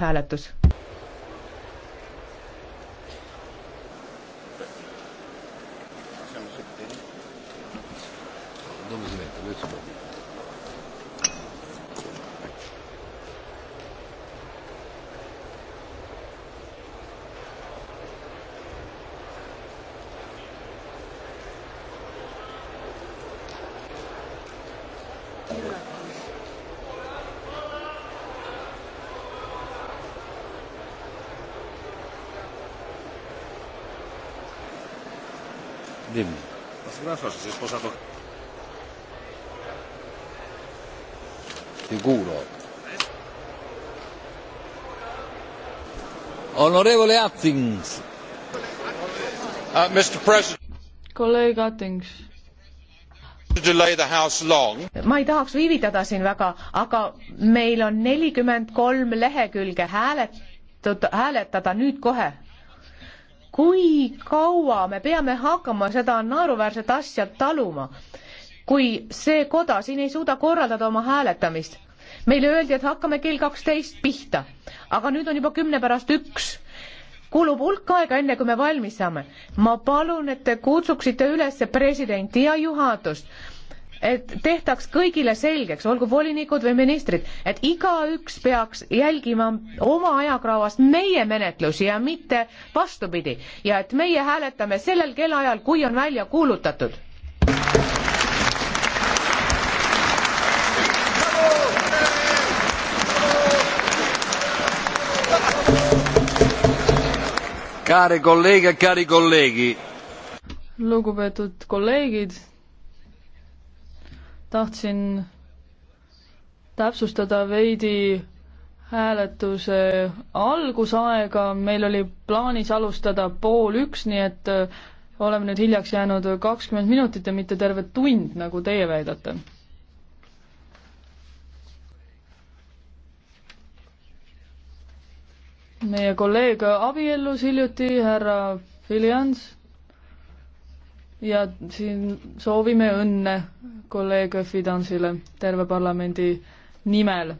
lõpphääletus. nüüd see meeldib, nüüd see meeldib. abbraccio a su esposa por... Sicuro. Onorevole Attings. Uh, Mr. President. kolleeg Attings ma ei tahaks viivitada siin väga, aga meil on nelikümmend kolm lehekülge hääletud, hääletada nüüd kohe kui kaua me peame hakkama seda naeruväärset asja taluma, kui see koda siin ei suuda korraldada oma hääletamist? meile öeldi, et hakkame kell kaksteist pihta, aga nüüd on juba kümne pärast üks. kulub hulk aega, enne kui me valmis saame. ma palun, et te kutsuksite üles presidenti ja juhatust et tehtaks kõigile selgeks, olgu volinikud või ministrid, et igaüks peaks jälgima oma ajakravas meie menetlusi ja mitte vastupidi ja et meie hääletame sellel kellaajal, kui on välja kuulutatud. Care colleghe, cari colleghi. Lugupeetud kolleegid tahtsin täpsustada veidi hääletuse algusaega, meil oli plaanis alustada pool üks, nii et äh, oleme nüüd hiljaks jäänud kakskümmend minutit ja mitte terve tund, nagu teie väidate. meie kolleeg abiellus hiljuti, härra Filians ja siin soovime õnne kolleeg Fidansile terve parlamendi nimel.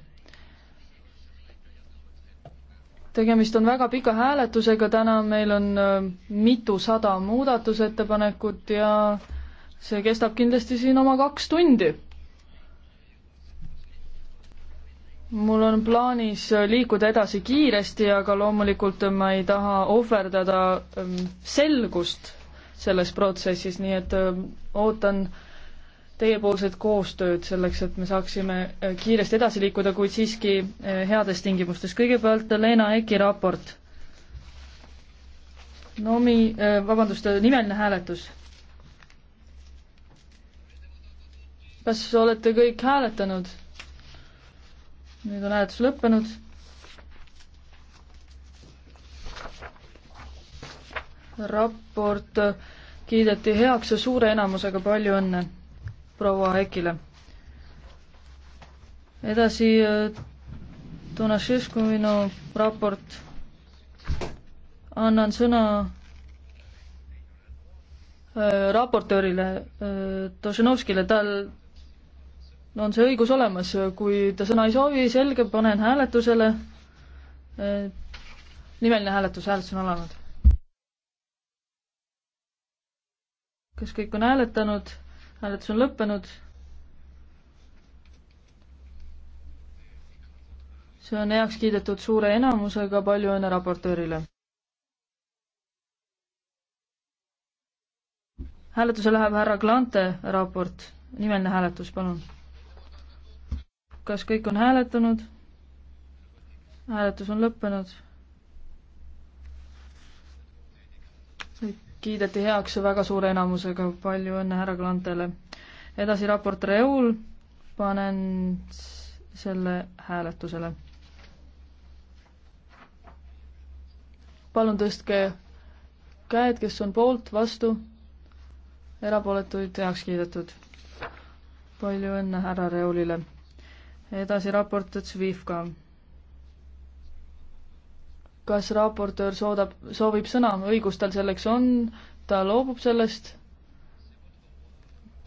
tegemist on väga pika hääletusega, täna meil on äh, mitusada muudatusettepanekut ja see kestab kindlasti siin oma kaks tundi. mul on plaanis liikuda edasi kiiresti, aga loomulikult ma ei taha ohverdada ähm, selgust selles protsessis, nii et ootan teiepoolset koostööd selleks, et me saaksime kiiresti edasi liikuda, kuid siiski heades tingimustes. kõigepealt Leena Eki raport. Nomi, vabandust, nimeline hääletus. kas olete kõik hääletanud? nüüd on hääletus lõppenud raport kiideti heaks ja suure enamusega, palju õnne proua Hekile. edasi Tonašesku äh, minu raport. annan sõna äh, raportöörile äh, Tošenovskile, tal no on see õigus olemas, kui ta sõna ei soovi, selge, panen hääletusele äh,. nimeline hääletus, hääletus on alanud. kas kõik on hääletanud? hääletus on lõppenud. see on heaks kiidetud suure enamusega, palju õnne raportöörile. hääletusele läheb härra Klante raport, nimeline hääletus, palun. kas kõik on hääletanud? hääletus on lõppenud kiideti heaks väga suure enamusega, palju õnne härra Klantele. edasi raport Reul, panen selle hääletusele. palun tõstke käed, kes on poolt, vastu, erapooletuid heaks kiidetud. palju õnne härra Reulile. edasi raport Zvivka kas raportöör soodab, soovib sõna, õigus tal selleks on, ta loobub sellest.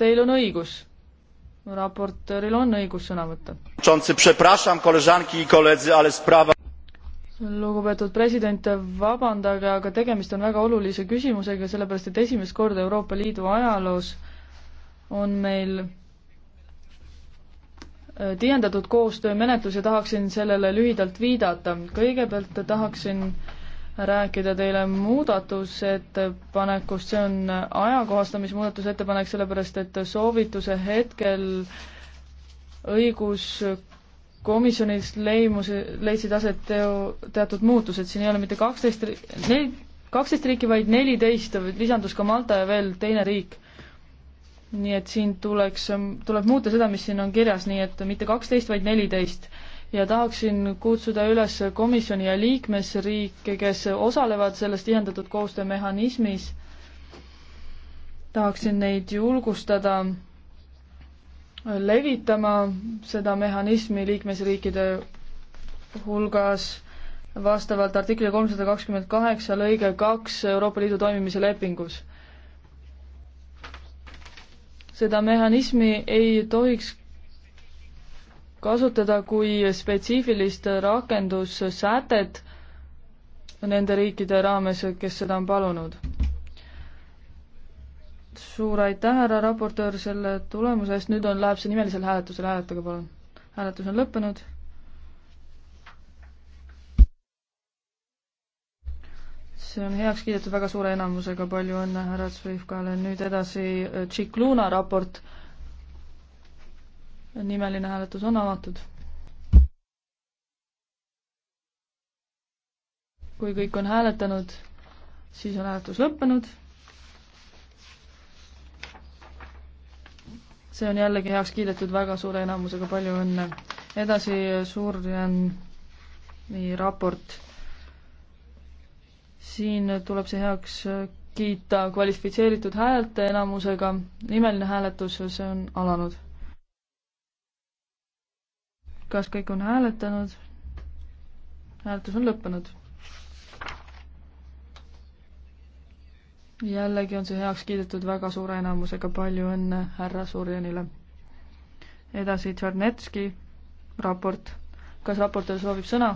Teil on õigus. raportööril on õigus sõna võtta. lugupeetud president, vabandage, aga tegemist on väga olulise küsimusega, sellepärast et esimest korda Euroopa Liidu ajaloos on meil Äh, tihendatud koostöömenetlus ja tahaksin sellele lühidalt viidata. kõigepealt tahaksin rääkida teile muudatusettepanekust, see on ajakohastamismuudatusettepanek, sellepärast et soovituse hetkel õiguskomisjonis leimus, leidsid aset teo, teatud muutused, siin ei ole mitte kaksteist, neli, kaksteist riiki, vaid neliteist, lisandus ka Malta ja veel teine riik nii et siin tuleks, ähm, tuleb muuta seda, mis siin on kirjas, nii et mitte kaksteist, vaid neliteist. ja tahaksin kutsuda üles komisjoni ja liikmesriike, kes osalevad selles tihendatud koostöömehhanismis, tahaksin neid julgustada levitama seda mehhanismi liikmesriikide hulgas vastavalt artikli kolmsada kakskümmend kaheksa lõige kaks Euroopa Liidu toimimise lepingus seda mehhanismi ei tohiks kasutada kui spetsiifilist rakendussätet nende riikide raames, kes seda on palunud. suur aitäh, härra raportöör, selle tulemuse eest, nüüd on, läheb see nimelisele hääletusele, hääletage palun. hääletus on lõppenud see on heaks kiidetud väga suure enamusega, palju õnne härra Zvivkale, nüüd edasi äh, Tšikluna raport. nimeline hääletus on avatud. kui kõik on hääletanud, siis on hääletus lõppenud. see on jällegi heaks kiidetud väga suure enamusega, palju õnne. edasi Suurjani raport siin tuleb see heaks kiita kvalifitseeritud häälte enamusega, nimeline hääletus, see on alanud. kas kõik on hääletanud? hääletus on lõppenud. jällegi on see heaks kiidetud väga suure enamusega, palju õnne härra Surjanile. edasi Tšernetski raport. kas raportöör soovib sõna?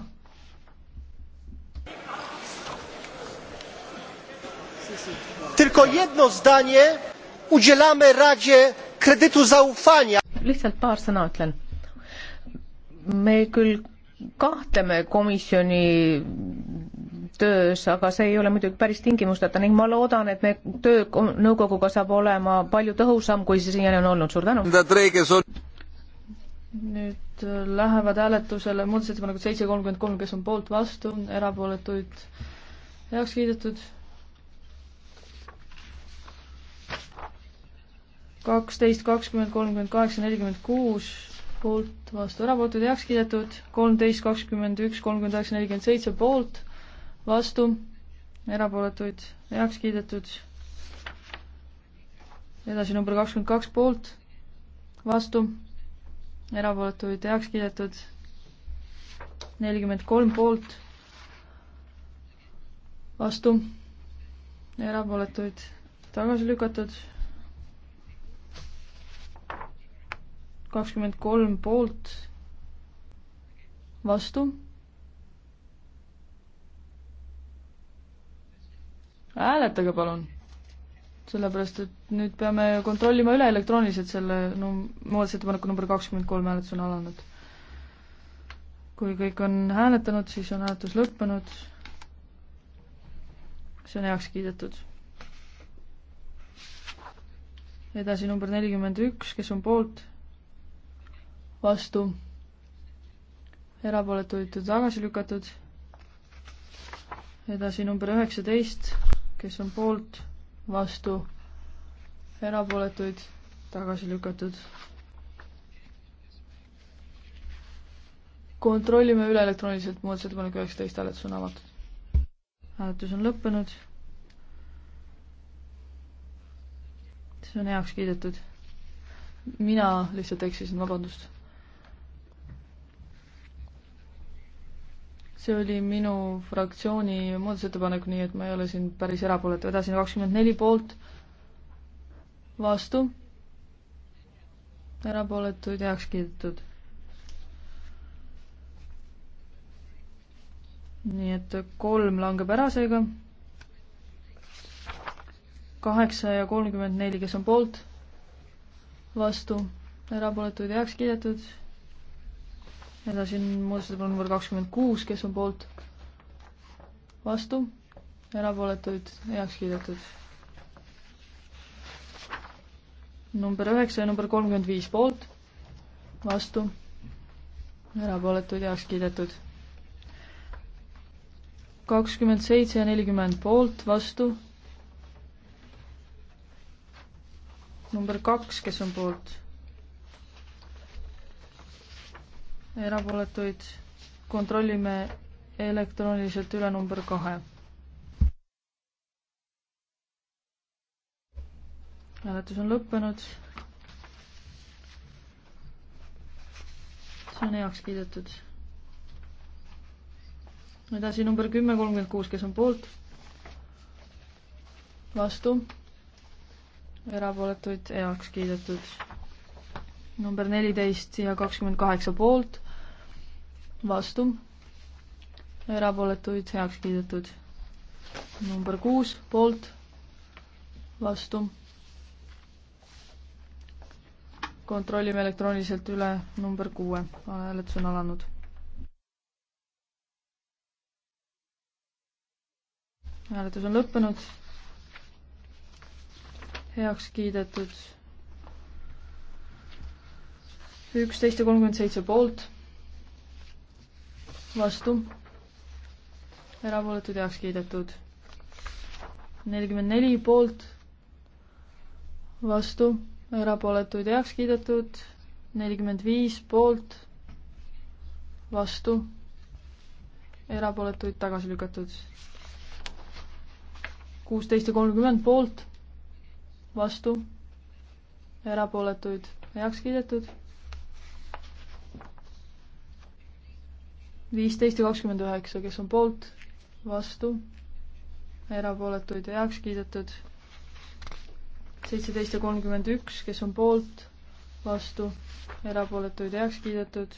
tylko jedno zdanie udzielamy Radzie kredytu zaufania. lihtsalt paar sõna ütlen. me küll kahtleme komisjoni töös, aga see ei ole muidugi päris tingimusteta ning ma loodan, et me töö nõukoguga saab olema palju tõhusam, kui see siiani on olnud. suur tänu! nüüd äh, lähevad hääletusele muudatusettepanekud seitse, kolmkümmend kolm, kes on poolt, vastu, erapooletuid heaks kiidetud kaksteist, kakskümmend, kolmkümmend kaheksa, nelikümmend kuus poolt, vastu, erapooletud, heaks kiidetud, kolmteist, kakskümmend üks, kolmkümmend üheksa, nelikümmend seitse poolt, vastu, erapooletuid, heaks kiidetud. edasi number kakskümmend kaks poolt, vastu, erapooletuid, heaks kiidetud, nelikümmend kolm poolt, vastu, erapooletuid, tagasi lükatud kakskümmend kolm poolt, vastu. hääletage palun, sellepärast et nüüd peame kontrollima üle elektrooniliselt selle no muudatusettepaneku number kakskümmend kolm hääletus on alanud. kui kõik on hääletanud, siis on hääletus lõppenud. see on heaks kiidetud edasi number nelikümmend üks, kes on poolt, vastu, erapooletuid tagasi lükatud. edasi number üheksateist, kes on poolt, vastu, erapooletuid tagasi lükatud. kontrollime üle elektrooniliselt muudatusettepanek üheksateist, hääletus on avatud. hääletus on lõppenud. see on heaks kiidetud. mina lihtsalt eksisin, vabandust see oli minu fraktsiooni muudatusettepanek, nii et ma ei ole siin päris erapooletu, edasi kakskümmend neli poolt, vastu, erapooletuid heaks kiidetud. nii et kolm langeb ära seega, kaheksa ja kolmkümmend neli, kes on poolt, vastu, erapooletuid heaks kiidetud edasi on muudatusettepanek number kakskümmend kuus, kes on poolt? vastu, erapooletuid heaks kiidetud. number üheksa ja number kolmkümmend viis poolt, vastu, erapooletuid heaks kiidetud. kakskümmend seitse ja nelikümmend poolt, vastu. number kaks, kes on poolt erapooletuid kontrollime elektrooniliselt üle number kahe. hääletus on lõppenud. see on heaks kiidetud. edasi number kümme, kolmkümmend kuus, kes on poolt? vastu? erapooletuid heaks kiidetud. number neliteist ja kakskümmend kaheksa poolt vastu, erapooletuid heaks kiidetud. number kuus poolt, vastu. kontrollime elektrooniliselt üle number kuue, hääletus on alanud. hääletus on lõppenud. heaks kiidetud üksteist ja kolmkümmend seitse poolt vastu, erapooletud heaks kiidetud. nelikümmend neli poolt, vastu, erapooletuid heaks kiidetud, nelikümmend viis poolt, vastu, erapooletuid tagasi lükatud. kuusteist ja kolmkümmend poolt, vastu, erapooletuid heaks kiidetud viisteist ja kakskümmend üheksa, kes on poolt, vastu, erapooletuid heaks kiidetud. seitseteist ja kolmkümmend üks, kes on poolt, vastu, erapooletuid heaks kiidetud.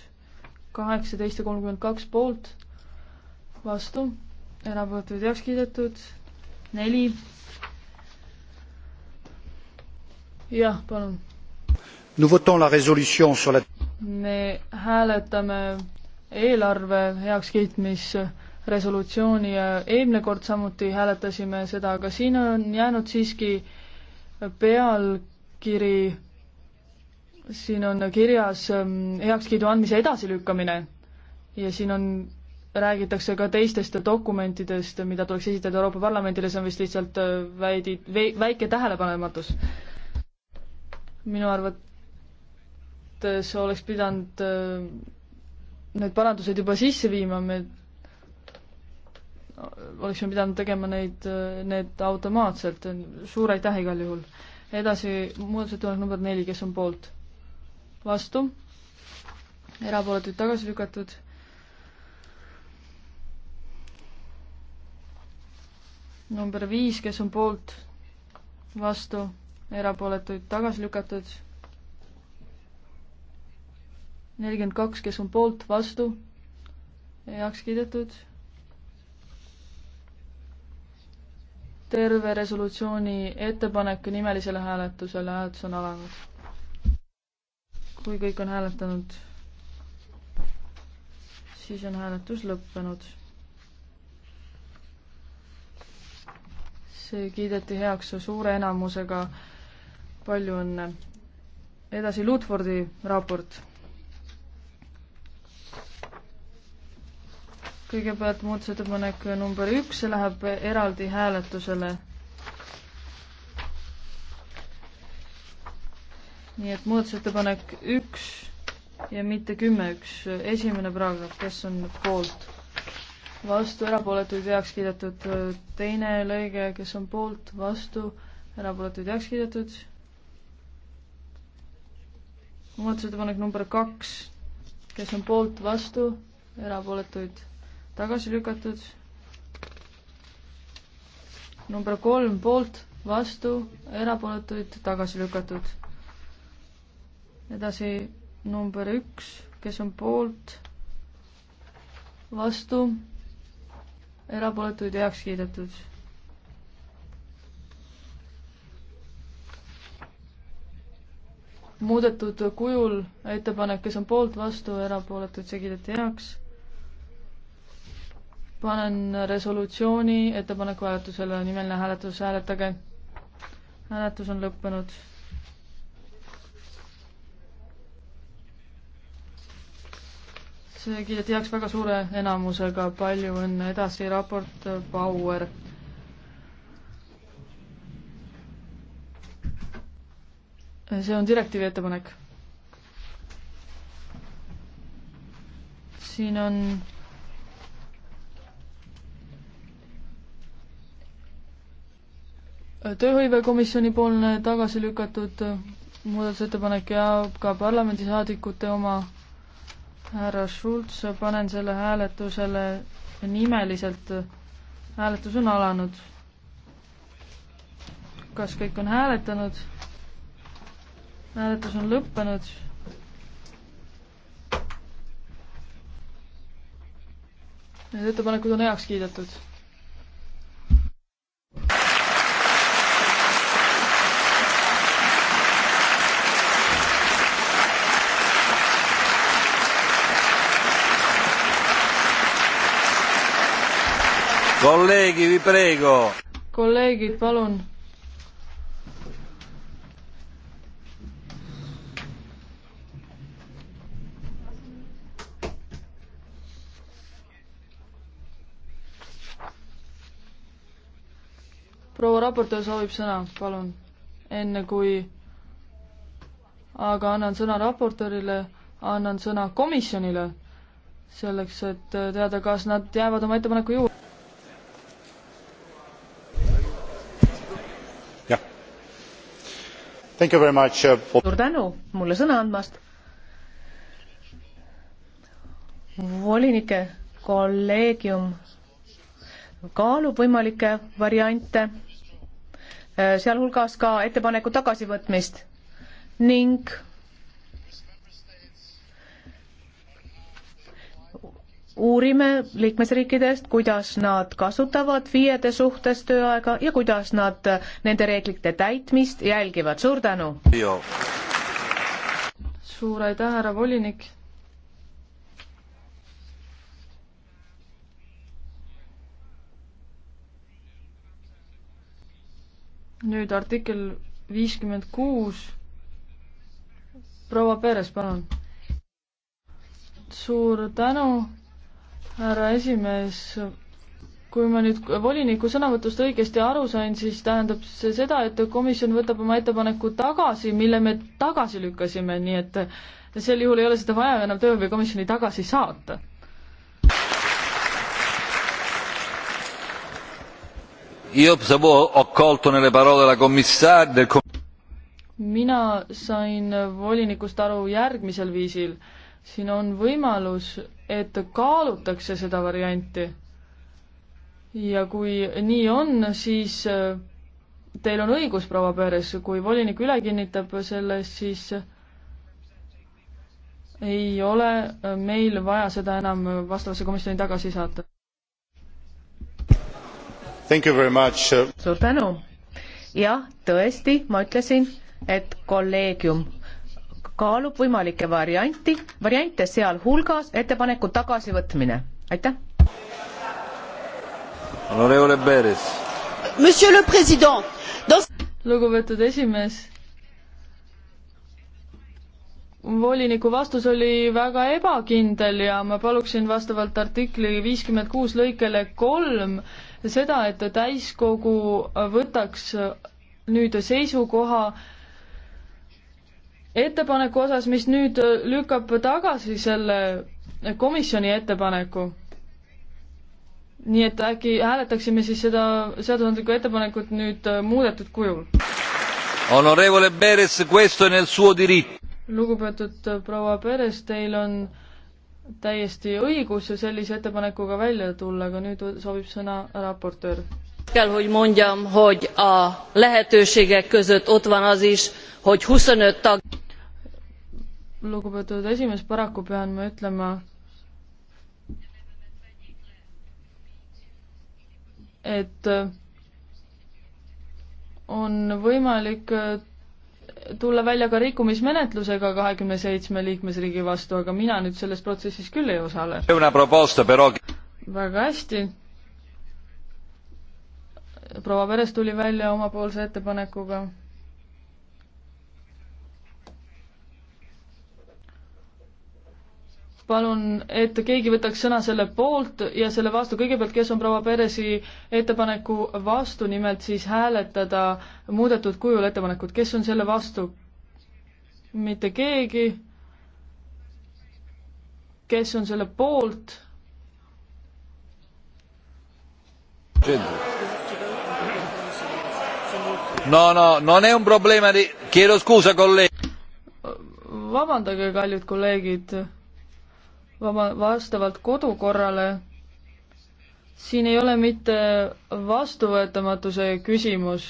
kaheksateist ja kolmkümmend kaks poolt, vastu, erapooletuid heaks kiidetud. neli. jah, palun. Nous votons la résolution sur la me hääletame eelarve heakskiitmisresolutsiooni eelmine kord samuti hääletasime seda, aga siin on jäänud siiski pealkiri, siin on kirjas ähm, heakskiidu andmise edasilükkamine ja siin on, räägitakse ka teistest dokumentidest, mida tuleks esitada Euroopa Parlamendile, see on vist lihtsalt äh, väidi, väike tähelepanematus. minu arvates oleks pidanud äh, need parandused juba sisse viima, me oleksime pidanud tegema neid, need automaatselt, suur aitäh igal juhul. edasi muudatusettepanek number neli, kes on poolt? vastu? erapooletuid tagasi lükatud? number viis, kes on poolt? vastu? erapooletuid tagasi lükatud? nelikümmend kaks, kes on poolt, vastu, heaks kiidetud. terve resolutsiooni ettepanek nimelisele hääletusele, hääletus on alanud. kui kõik on hääletanud, siis on hääletus lõppenud see kiideti heaks suure enamusega. palju õnne. edasi Lutfordi raport kõigepealt muudatusettepanek number üks, see läheb eraldi hääletusele. nii et muudatusettepanek üks ja mitte kümme, üks esimene paragrahv, kes on poolt? vastu, erapooletuid heaks kiidetud, teine lõige, kes on poolt, vastu, erapooletuid heaks kiidetud. muudatusettepanek number kaks, kes on poolt, vastu, erapooletuid tagasi lükatud. number kolm poolt, vastu, erapooletuid tagasi lükatud. edasi number üks, kes on poolt, vastu, erapooletuid heaks kiidetud. muudetud kujul ettepanek, kes on poolt, vastu, erapooletuid, see kiideti heaks panen resolutsiooni ettepaneku hääletusele, nimeline hääletus, hääletage. hääletus on lõppenud. see kiideti heaks väga suure enamusega, palju õnne, edasi raport Bauer see on direktiivi ettepanek. siin on tööhõivekomisjoni poolne tagasi lükatud muudatusettepanek ja ka parlamendisaadikute oma. härra Schulz, panen selle hääletusele nimeliselt. hääletus on alanud. kas kõik on hääletanud? hääletus on lõppenud. Need ettepanekud on heaks kiidetud kolleegi, vi prego. kolleegid, palun. proua raportöör soovib sõna, palun, enne kui aga annan sõna raportöörile, annan sõna komisjonile selleks, et teada, kas nad jäävad oma ettepaneku juurde. Uh, suur tänu mulle sõna andmast. volinike kolleegium kaalub võimalikke variante, äh, sealhulgas ka ettepaneku tagasivõtmist ning uurime liikmesriikidest, kuidas nad kasutavad FIE-de suhtes tööaega ja kuidas nad nende reeglite täitmist jälgivad. suur tänu! suur aitäh, härra volinik! nüüd artikkel viiskümmend kuus. proua Peres, palun. suur tänu härra esimees, kui ma nüüd voliniku sõnavõtust õigesti aru sain, siis tähendab see seda, et komisjon võtab oma ettepaneku tagasi, mille me tagasi lükkasime, nii et sel juhul ei ole seda vaja enam tööhõivekomisjoni tagasi saata. mina sain volinikust aru järgmisel viisil siin on võimalus, et kaalutakse seda varianti. ja kui nii on, siis äh, teil on õigus, proua Peres, kui volinik üle kinnitab sellest, siis äh, ei ole äh, meil vaja seda enam vastavasse komisjoni tagasi saata. suur tänu. jah, tõesti, ma ütlesin, et kolleegium kaalub võimalikke varianti, variante sealhulgas ettepaneku tagasivõtmine. aitäh. lugupeetud esimees, voliniku vastus oli väga ebakindel ja ma paluksin vastavalt artikli viiskümmend kuus lõikele kolm seda, et täiskogu võtaks nüüd seisukoha ettepaneku osas, mis nüüd äh, lükkab tagasi selle komisjoni ettepaneku. nii et äkki hääletaksime siis seda seadusandlikku ettepanekut nüüd äh, muudetud kujul. Honorevole Perez, questo nel suo diritto. lugupeetud äh, proua Perez, teil on täiesti õigus ju sellise ettepanekuga välja tulla, aga nüüd soovib sõna raportöör. kell, hogy mondjam, hogy a lehetőségek között ott van az is, hogy 25 tag lugupeetud esimees, paraku pean ma ütlema, et on võimalik tulla välja ka rikkumismenetlusega kahekümne seitsme liikmesriigi vastu, aga mina nüüd selles protsessis küll ei osale. väga hästi. proua Peres tuli välja omapoolse ettepanekuga palun, et keegi võtaks sõna selle poolt ja selle vastu, kõigepealt, kes on proua Peresi ettepaneku vastu, nimelt siis hääletada muudetud kujul ettepanekut, kes on selle vastu? mitte keegi. kes on selle poolt? no no, non è un problema di, chiedo scusa kolleeg. vabandage, kallid kolleegid vaba, vastavalt kodukorrale. siin ei ole mitte vastuvõetamatuse küsimus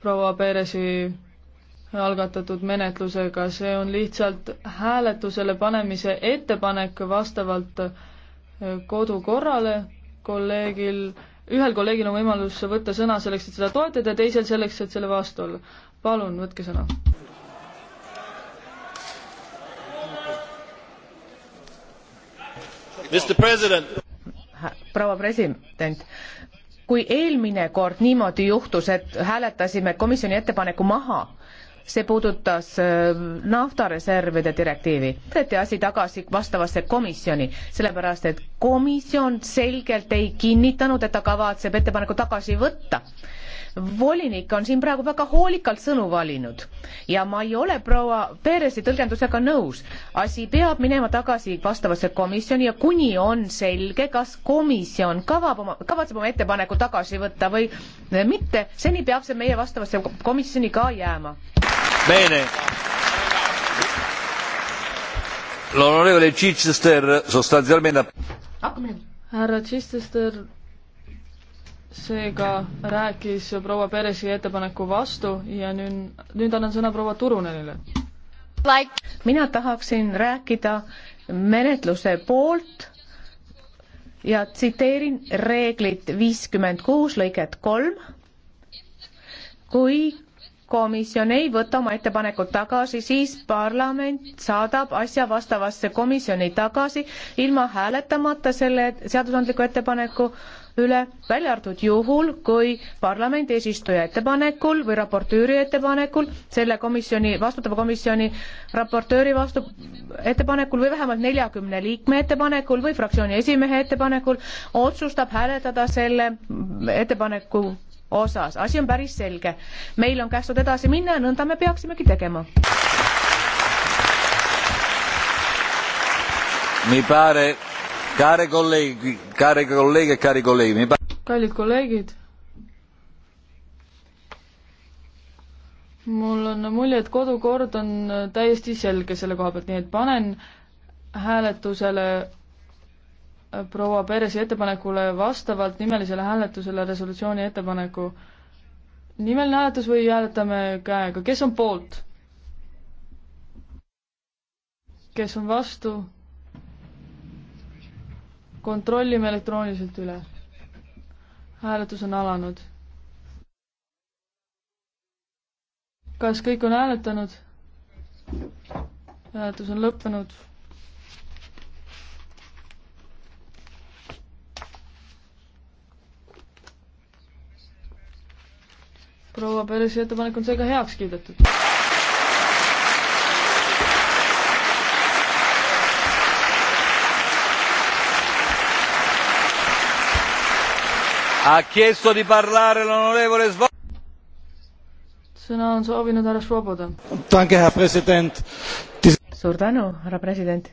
proua Peresi algatatud menetlusega, see on lihtsalt hääletusele panemise ettepanek vastavalt äh, kodukorrale kolleegil, ühel kolleegil on võimalus võtta sõna selleks, et seda toetada ja teisel selleks, et selle vastu olla. palun, võtke sõna. proua president, kui eelmine kord niimoodi juhtus, et hääletasime komisjoni ettepaneku maha, see puudutas äh, naftareservide direktiivi. võeti asi tagasi vastavasse komisjoni, sellepärast et komisjon selgelt ei kinnitanud, et ta kavatseb ettepaneku tagasi võtta volinik on siin praegu väga hoolikalt sõnu valinud ja ma ei ole proua Peresi tõlgendusega nõus. asi peab minema tagasi vastavasse komisjoni ja kuni on selge, kas komisjon kavab oma, kavatseb oma ettepaneku tagasi võtta või mitte, seni peab see meie vastavasse komisjoni ka jääma. Bene. L'onorevole Chichester sostanzialmente. härra Chichester seega rääkis proua Peresi ettepaneku vastu ja nüüd, nüüd annan sõna proua Turunenile like.. mina tahaksin rääkida menetluse poolt ja tsiteerin reeglit viiskümmend kuus lõiget kolm. kui komisjon ei võta oma ettepanekut tagasi, siis parlament saadab asja vastavasse komisjoni tagasi ilma hääletamata selle seadusandliku ettepaneku äh, üle, välja arvatud juhul, kui parlamendi eesistuja ettepanekul või raportööri ettepanekul, selle komisjoni, vastutava komisjoni raportööri vastu, ettepanekul või vähemalt neljakümne liikme ettepanekul või fraktsiooni esimehe ettepanekul otsustab hääletada selle ettepaneku osas, asi on päris selge. meil on käsud edasi minna ja nõnda me peaksimegi tegema. mi pare Care colleghi, care colleghe e cari colleghi, mi kallid kolleegid, mul on mulje, et kodukord on täiesti selge selle koha pealt, nii et panen hääletusele proua Peresi ettepanekule vastavalt nimelisele hääletusele resolutsiooni ettepaneku. nimeline hääletus või hääletame käega, kes on poolt? kes on vastu? kontrollime elektrooniliselt üle. hääletus on alanud. kas kõik on hääletanud? hääletus on lõppenud. proua Peresi ettepanek on seega heaks kiidetud. Ha chiesto di parlare l'onorevole Svoboda. Sõna on soovinud härra Svoboda. Danke, herr president. Suur tänu, härra president.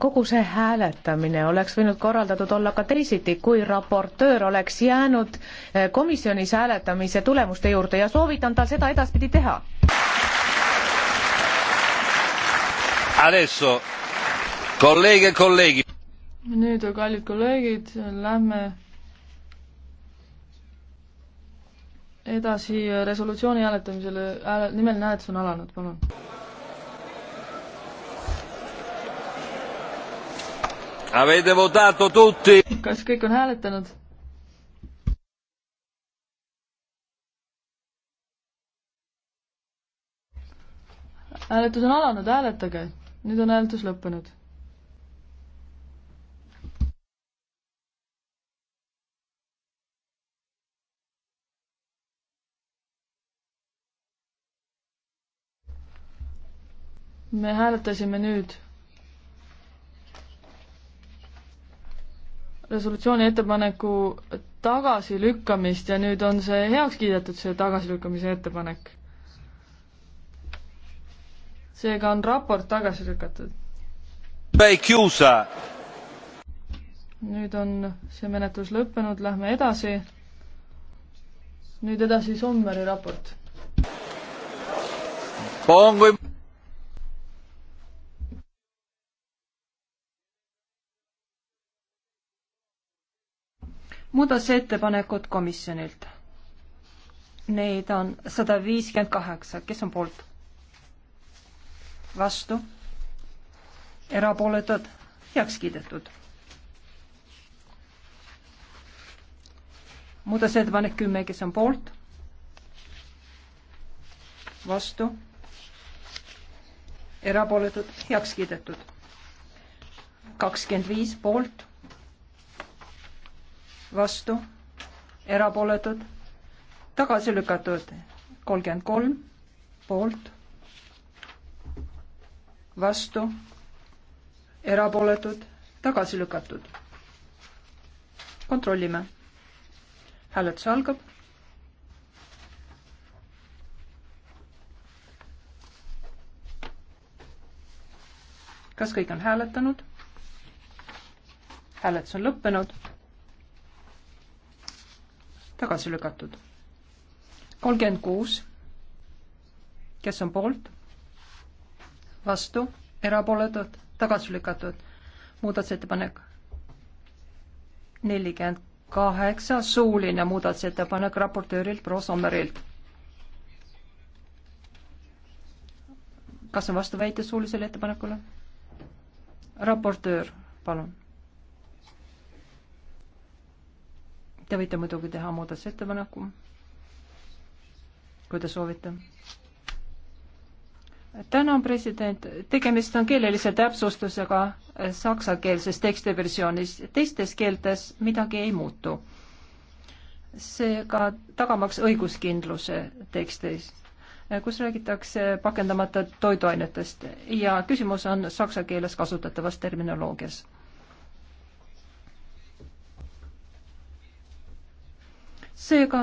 Kogu see hääletamine oleks võinud korraldatud olla ka teisiti, kui raportöör oleks jäänud eh, komisjonis hääletamise tulemuste juurde ja soovitan tal seda edaspidi teha. Adesso, kolleege, kolleegi nüüd, kallid kolleegid, lähme edasi resolutsiooni hääletamisele, hääle, nimeline hääletus on alanud, palun. kas kõik on hääletanud? hääletus on alanud, hääletage. nüüd on hääletus lõppenud me hääletasime nüüd resolutsiooni ettepaneku tagasilükkamist ja nüüd on see heaks kiidetud, see tagasilükkamise ettepanek. seega on raport tagasi lükatud. nüüd on see menetlus lõppenud, lähme edasi. nüüd edasi Sommeri raport. Pongo muudatusettepanekud komisjonilt. Neid on sada viiskümmend kaheksa, kes on poolt? vastu? erapooletud? heaks kiidetud. muudatusettepanek kümme, kes on poolt? vastu? erapooletud? heaks kiidetud. kakskümmend viis poolt vastu, erapooletud, tagasi lükatud, kolmkümmend kolm poolt, vastu, erapooletud, tagasi lükatud. kontrollime. hääletus algab. kas kõik on hääletanud? hääletus on lõppenud tagasi lükatud. kolmkümmend kuus, kes on poolt, vastu, erapooletud, tagasi lükatud. muudatusettepanek nelikümmend kaheksa, suuline muudatusettepanek raportöörilt proua Sommerilt. kas on vastuväite suulisele ettepanekule? raportöör, palun Te võite muidugi teha muudatusettepaneku, kui te soovite. tänan, president, tegemist on keelelise täpsustusega saksakeelses tekstiversioonis, teistes keeltes midagi ei muutu. seega tagamaks õiguskindluse tekstis, kus räägitakse pakendamata toiduainetest ja küsimus on saksa keeles kasutatavas terminoloogias seega,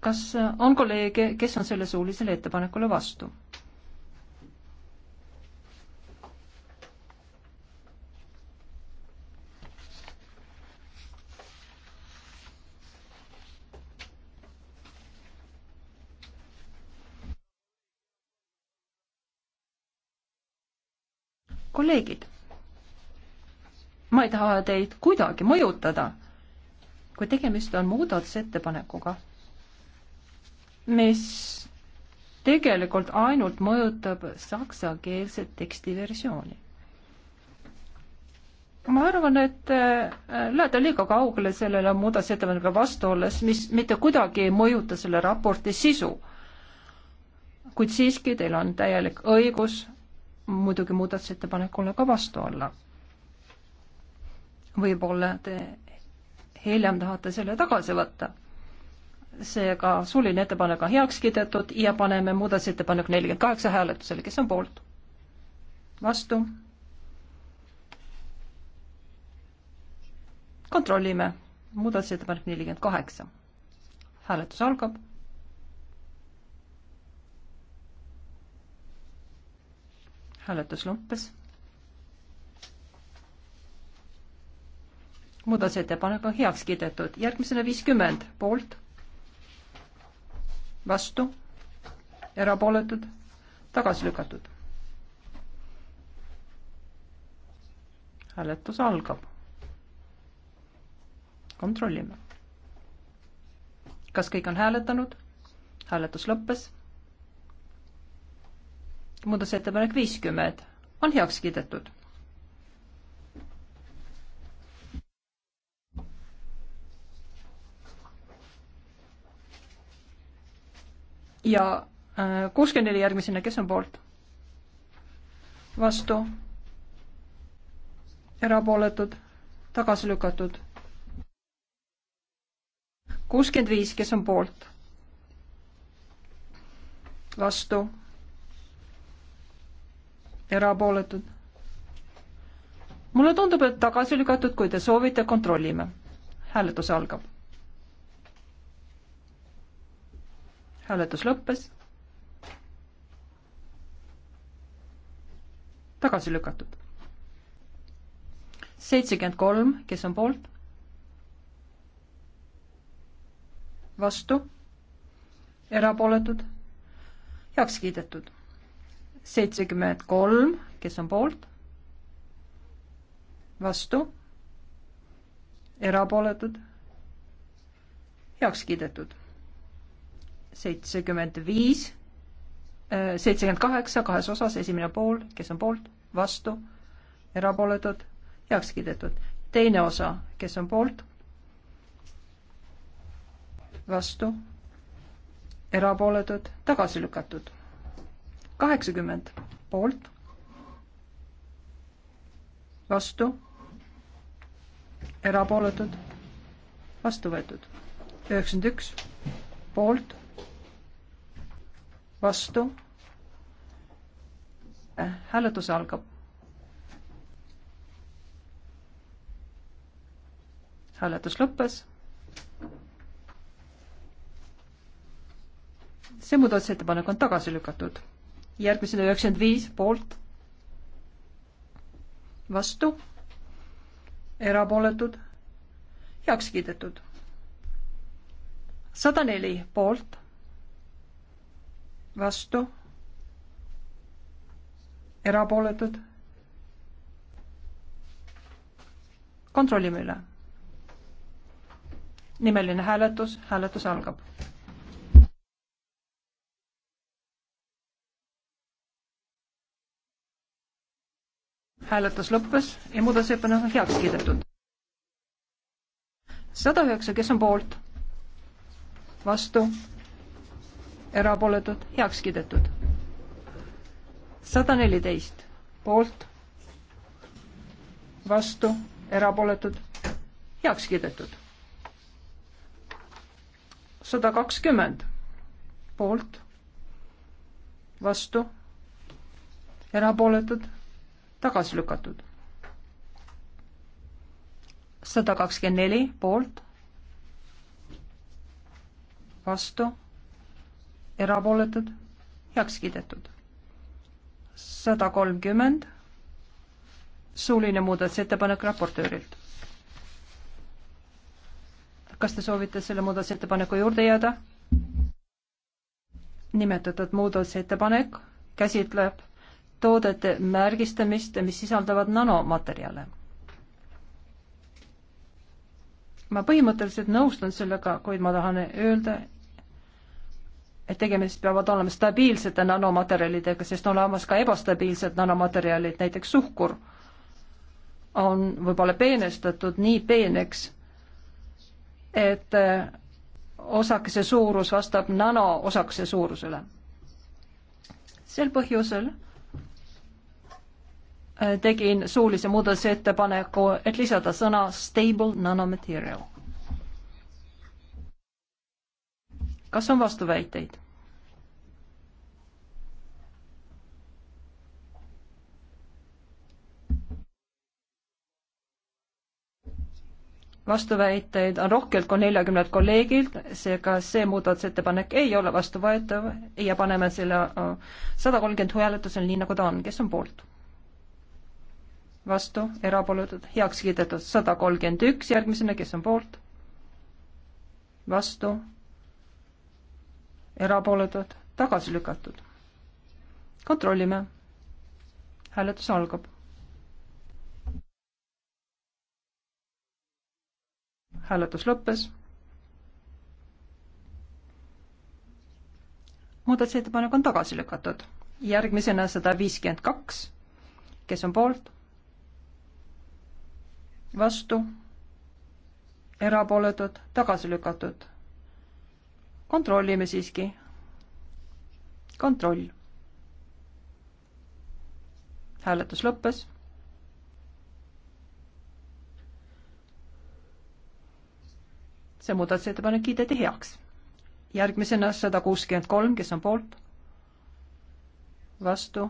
kas on kolleege, kes on selle suulisele ettepanekule vastu? kolleegid, ma ei taha teid kuidagi mõjutada kui tegemist on muudatusettepanekuga, mis tegelikult ainult mõjutab saksakeelset tekstiversiooni. ma arvan, et äh, lähete liiga kaugele sellele muudatusettepanekuga vastu olles, mis mitte kuidagi ei mõjuta selle raporti sisu. kuid siiski, teil on täielik õigus muidugi muudatusettepanekule ka vastu olla. võib-olla te hiljem tahate selle tagasi võtta. seega suuline ettepanek on heaks kiidetud ja paneme muudatusettepanek nelikümmend kaheksa hääletusele, kes on poolt? vastu? kontrollime, muudatusettepanek nelikümmend kaheksa. hääletus algab hääletus lõppes. muudatusettepanek on heaks kiidetud. järgmisena viiskümmend poolt, vastu, erapooletud, tagasi lükatud. hääletus algab. kontrollime. kas kõik on hääletanud? hääletus lõppes. muudatusettepanek viiskümmend on heaks kiidetud ja äh, kuuskümmend neli järgmisena, kes on poolt? vastu? erapooletud? tagasi lükatud? kuuskümmend viis, kes on poolt? vastu? erapooletud? mulle tundub, et tagasi lükatud, kui te soovite, kontrollime. hääletus algab hääletus lõppes. tagasi lükatud. seitsekümmend kolm, kes on poolt? vastu? erapooletud? heaks kiidetud. seitsekümmend kolm, kes on poolt? vastu? erapooletud? heaks kiidetud seitsekümmend viis, äh, seitsekümmend kaheksa kahes osas, esimene pool, kes on poolt, vastu, erapooletud, heaks kiidetud. teine osa, kes on poolt, vastu, erapooletud, tagasi lükatud. kaheksakümmend poolt, vastu, erapooletud, vastu võetud. üheksakümmend üks poolt vastu. Äh, hääletus algab. hääletus lõppes. see muudatusettepanek on tagasi lükatud. järgmised üheksakümmend viis poolt, vastu, erapooletud, heaks kiidetud. sada neli poolt vastu, erapooletud. kontrollime üle. nimeline hääletus, hääletus algab. hääletus lõppes ja muudatusettepanek on heaks kiidetud. sada üheksa, kes on poolt? vastu erapooletud, heaks kiidetud. sada neliteist poolt, vastu, erapooletud, heaks kiidetud. sada kakskümmend poolt, vastu, erapooletud, tagasi lükatud. sada kakskümmend neli poolt, vastu erapooletud, heaks kiidetud. sada kolmkümmend, suuline muudatusettepanek raportöörilt. kas te soovite selle muudatusettepaneku juurde jääda? nimetatud muudatusettepanek käsitleb toodete märgistamist, mis sisaldavad nanomaterjale. ma põhimõtteliselt nõustun sellega, kuid ma tahan öelda, et tegemist peavad olema stabiilsete nanomaterjalidega, sest on olemas ka ebastabiilsed nanomaterjalid, näiteks suhkur on võib-olla peenestatud nii peeneks, et eh, osakese suurus vastab nanoosakese suurusele. sel põhjusel eh, tegin suulise muudatusettepaneku, et lisada sõna stable nanomaterial kas on vastuväiteid? vastuväiteid on rohkelt kui neljakümnelt kolleegilt, seega see muudatusettepanek ei ole vastuvõetav ja paneme selle äh, sada kolmkümmend hääletusel nii, nagu ta on, kes on poolt? vastu, erapooletud, heaks kiidetud sada kolmkümmend üks, järgmisena, kes on poolt? vastu erapooletud, tagasi lükatud. kontrollime. hääletus algab. hääletus lõppes. muudatusettepanek on tagasi lükatud. järgmisena sada viiskümmend kaks, kes on poolt? vastu? erapooletud, tagasi lükatud kontrollime siiski. kontroll. hääletus lõppes. see muudatusettepanek kiideti heaks. järgmisena sada kuuskümmend kolm, kes on poolt, vastu,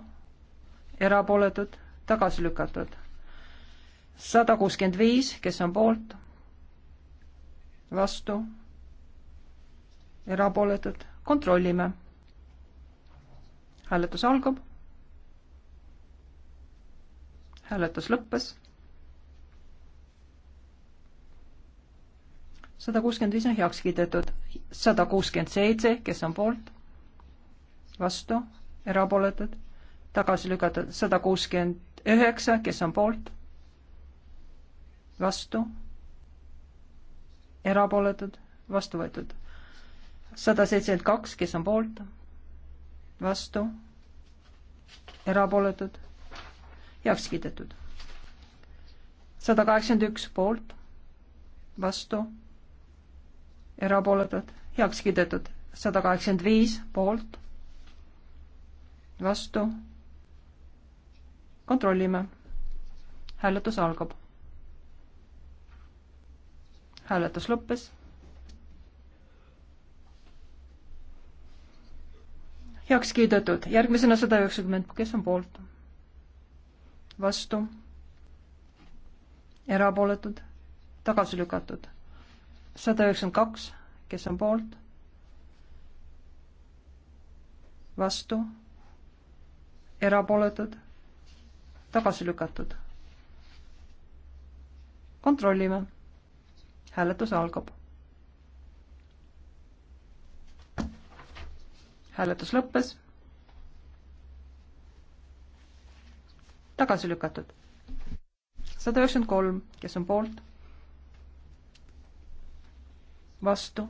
erapooletud, tagasi lükatud. sada kuuskümmend viis, kes on poolt, vastu erapooletud, kontrollime. hääletus algab. hääletus lõppes. sada kuuskümmend viis on heaks kiidetud, sada kuuskümmend seitse, kes on poolt, vastu, erapooletud, tagasi lükatud, sada kuuskümmend üheksa, kes on poolt, vastu, erapooletud, vastu võetud sada seitsekümmend kaks, kes on poolt, vastu, erapooletud, heaks kiidetud. sada kaheksakümmend üks poolt, vastu, erapooletud, heaks kiidetud. sada kaheksakümmend viis poolt, vastu, kontrollime. hääletus algab. hääletus lõppes heaks kiidetud. järgmisena sada üheksakümmend, kes on poolt? vastu? erapooletud? tagasi lükatud? sada üheksakümmend kaks, kes on poolt? vastu? erapooletud? tagasi lükatud? kontrollime. hääletus algab hääletus lõppes. tagasi lükatud. sada üheksakümmend kolm, kes on poolt? vastu?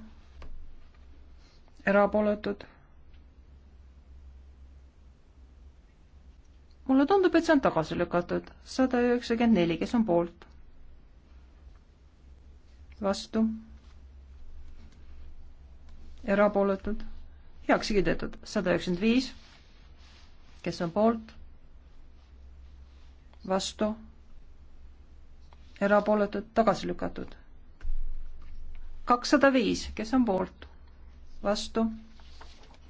erapooletud? mulle tundub, et see on tagasi lükatud. sada üheksakümmend neli, kes on poolt? vastu? erapooletud heaks kiidetud sada üheksakümmend viis, kes on poolt, vastu, erapooletud, tagasi lükatud. kakssada viis, kes on poolt, vastu,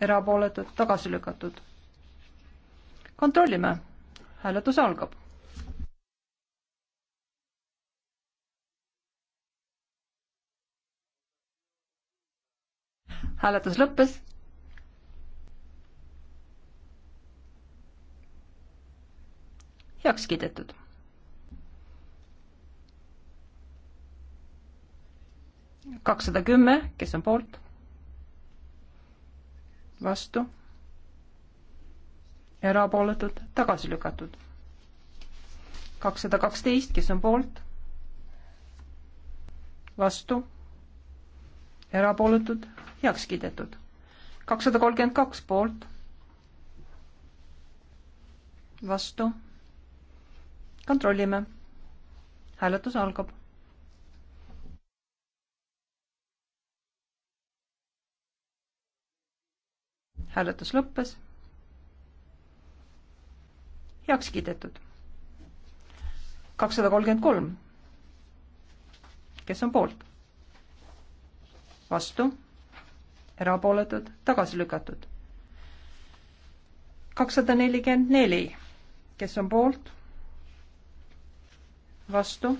erapooletud, tagasi lükatud. kontrollime, hääletus algab hääletus lõppes heaks kiidetud. kakssada kümme, kes on poolt? vastu? erapooletud, tagasi lükatud. kakssada kaksteist, kes on poolt? vastu? erapooletud, heaks kiidetud. kakssada kolmkümmend kaks poolt vastu, kontrollime. hääletus algab. hääletus lõppes. heaks kiidetud. kakssada kolmkümmend kolm. kes on poolt? vastu, erapooletud, tagasi lükatud. kakssada nelikümmend neli, kes on poolt vastu,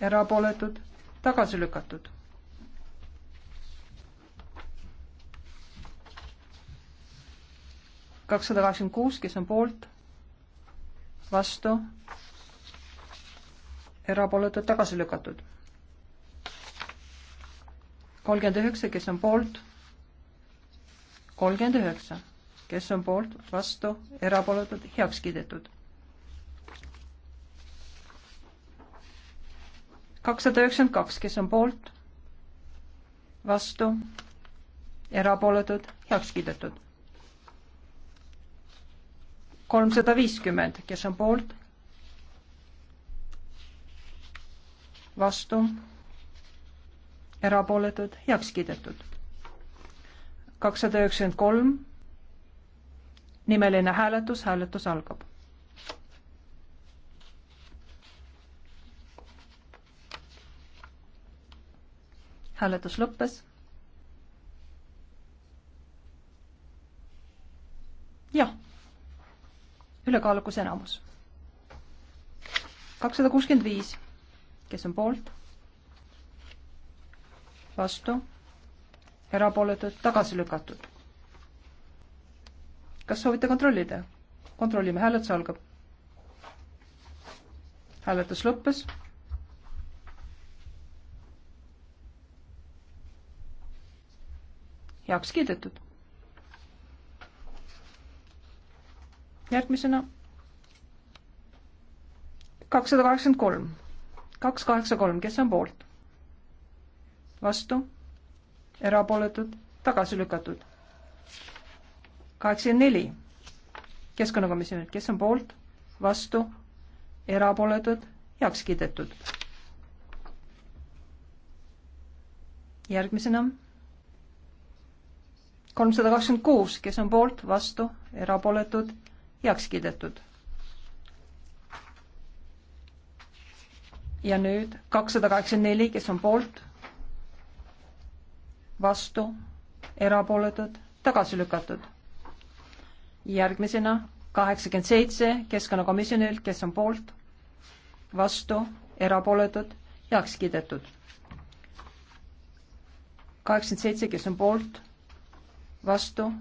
erapooletud, tagasi lükatud. kakssada kaheksakümmend kuus, kes on poolt, vastu, erapooletud, tagasi lükatud. kolmkümmend üheksa, kes on poolt, kolmkümmend üheksa, kes on poolt, vastu, erapooletud, heaks kiidetud kakssada üheksakümmend kaks, kes on poolt, vastu, erapooletud, heaks kiidetud. kolmsada viiskümmend, kes on poolt, vastu, erapooletud, heaks kiidetud. kakssada üheksakümmend kolm, nimeline hääletus, hääletus algab. hääletus lõppes. jah, ülekaalukas enamus. kakssada kuuskümmend viis, kes on poolt, vastu, erapooletud, tagasi lükatud. kas soovite kontrollida? kontrollime, hääletus algab. hääletus lõppes heaks kiidetud. järgmisena kakssada kaheksakümmend kolm, kaks kaheksa kolm, kes on poolt? vastu, erapooletud, tagasi lükatud. kaheksakümmend neli, keskkonnakomisjonilt, kes on poolt, vastu, erapooletud, heaks kiidetud. järgmisena kolmsada kakskümmend kuus, kes on poolt, vastu, erapooletud, heaks kiidetud. ja nüüd kakssada kaheksakümmend neli, kes on poolt, vastu, erapooletud, tagasi lükatud. järgmisena kaheksakümmend seitse Keskkonnakomisjonilt, kes on poolt, vastu, erapooletud, heaks kiidetud. kaheksakümmend seitse, kes on poolt vastu,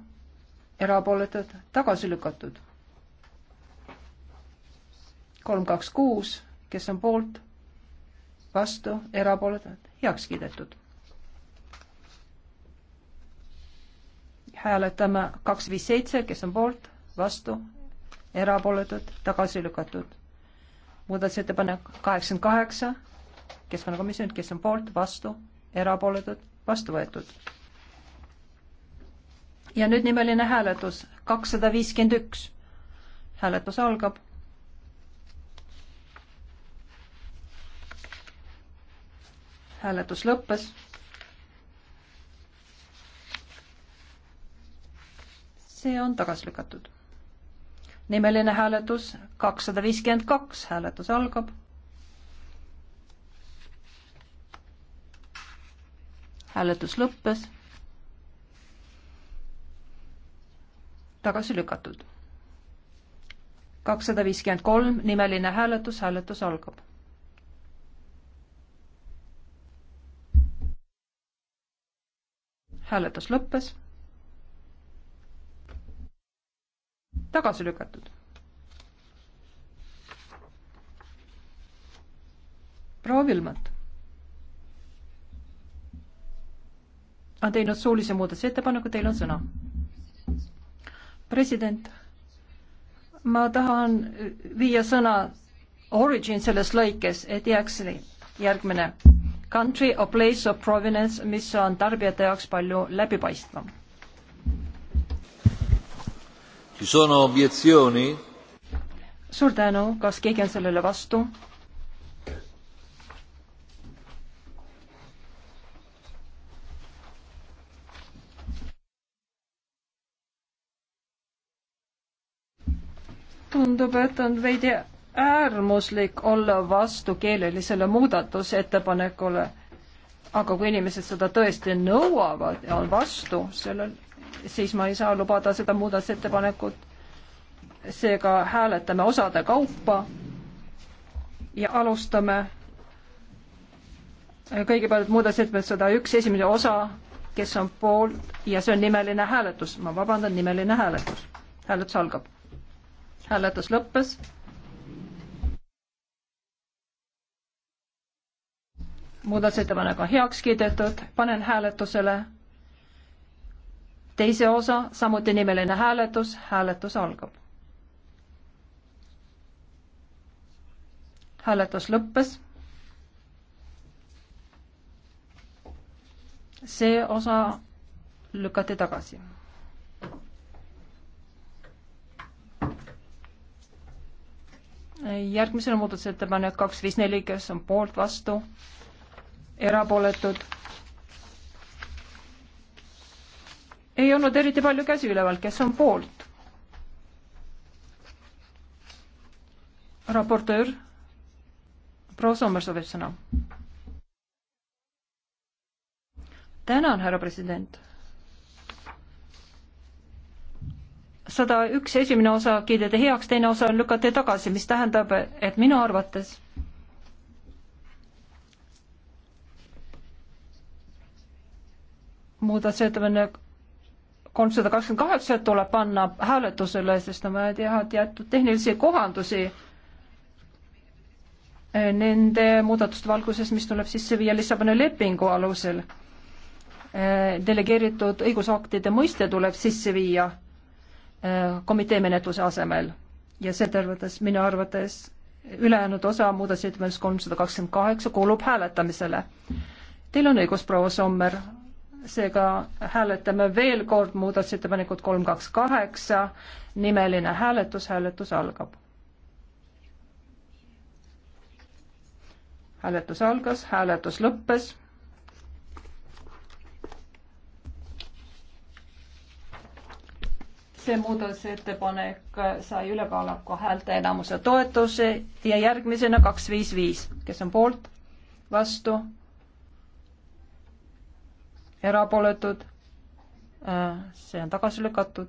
erapooletud, tagasi lükatud. kolm, kaks, kuus, kes on poolt, vastu, erapooletud, heaks kiidetud. hääletame kaks, viis, seitse, kes on poolt, vastu, erapooletud, tagasi lükatud. muudatusettepanek kaheksakümmend kaheksa, keskkonnakomisjon, kes on poolt, vastu, erapooletud, vastu võetud ja nüüd nimeline hääletus kakssada viiskümmend üks. hääletus algab. hääletus lõppes. see on tagasi lükatud. nimeline hääletus kakssada viiskümmend kaks, hääletus algab. hääletus lõppes tagasi lükatud. kakssada viiskümmend kolm nimeline hääletus, hääletus algab. hääletus lõppes. tagasi lükatud. proua Vilmat on teinud suulise muudatusettepaneku, teil on sõna president, ma tahan viia sõna origin selles lõikes, et jääks järgmine country or place of provenance, mis on tarbijate jaoks palju läbipaistvam. suur tänu, kas keegi on sellele vastu? tundub, et on veidi äärmuslik olla vastu keelelisele muudatusettepanekule. aga kui inimesed seda tõesti nõuavad ja on vastu sellel, siis ma ei saa lubada seda muudatusettepanekut. seega hääletame osade kaupa ja alustame kõigepealt muudatusettepanek sada üks, esimene osa, kes on poolt ja see on nimeline hääletus, ma vabandan, nimeline hääletus. hääletus algab hääletus lõppes. muudatusettepanek on heaks kiidetud, panen hääletusele teise osa, samuti nimeline hääletus, hääletus algab. hääletus lõppes. see osa lükati tagasi järgmisena muudatusettepanek kaks viis neli, kes on poolt, vastu, erapooletud. ei olnud eriti palju käsi üleval, kes on poolt? raportöör, proua Sommer soovib sõna. tänan, härra president sada üks esimene osa kiideti heaks, teine osa lükati tagasi, mis tähendab, et minu arvates muudatusettepanek kolmsada kakskümmend kaheksa tuleb panna hääletusele, sest on vaja teha teatud tehnilisi kohandusi nende muudatuste valguses, mis tuleb sisse viia Lissaboni lepingu alusel. delegeeritud õigusaktide mõiste tuleb sisse viia komitee menetluse asemel ja seetõttu minu arvates ülejäänud osa muudatusettepanekust kolmsada kakskümmend kaheksa kuulub hääletamisele. Teil on õigus, proua Sommer, seega hääletame veel kord muudatusettepanekut kolm kaks kaheksa, nimeline hääletus, hääletus algab. hääletus algas, hääletus lõppes see muudatusettepanek sai ülekaaluka häälteenamuse toetuse ja järgmisena kaks viis viis, kes on poolt, vastu, erapooletud, äh, see on tagasi lükatud.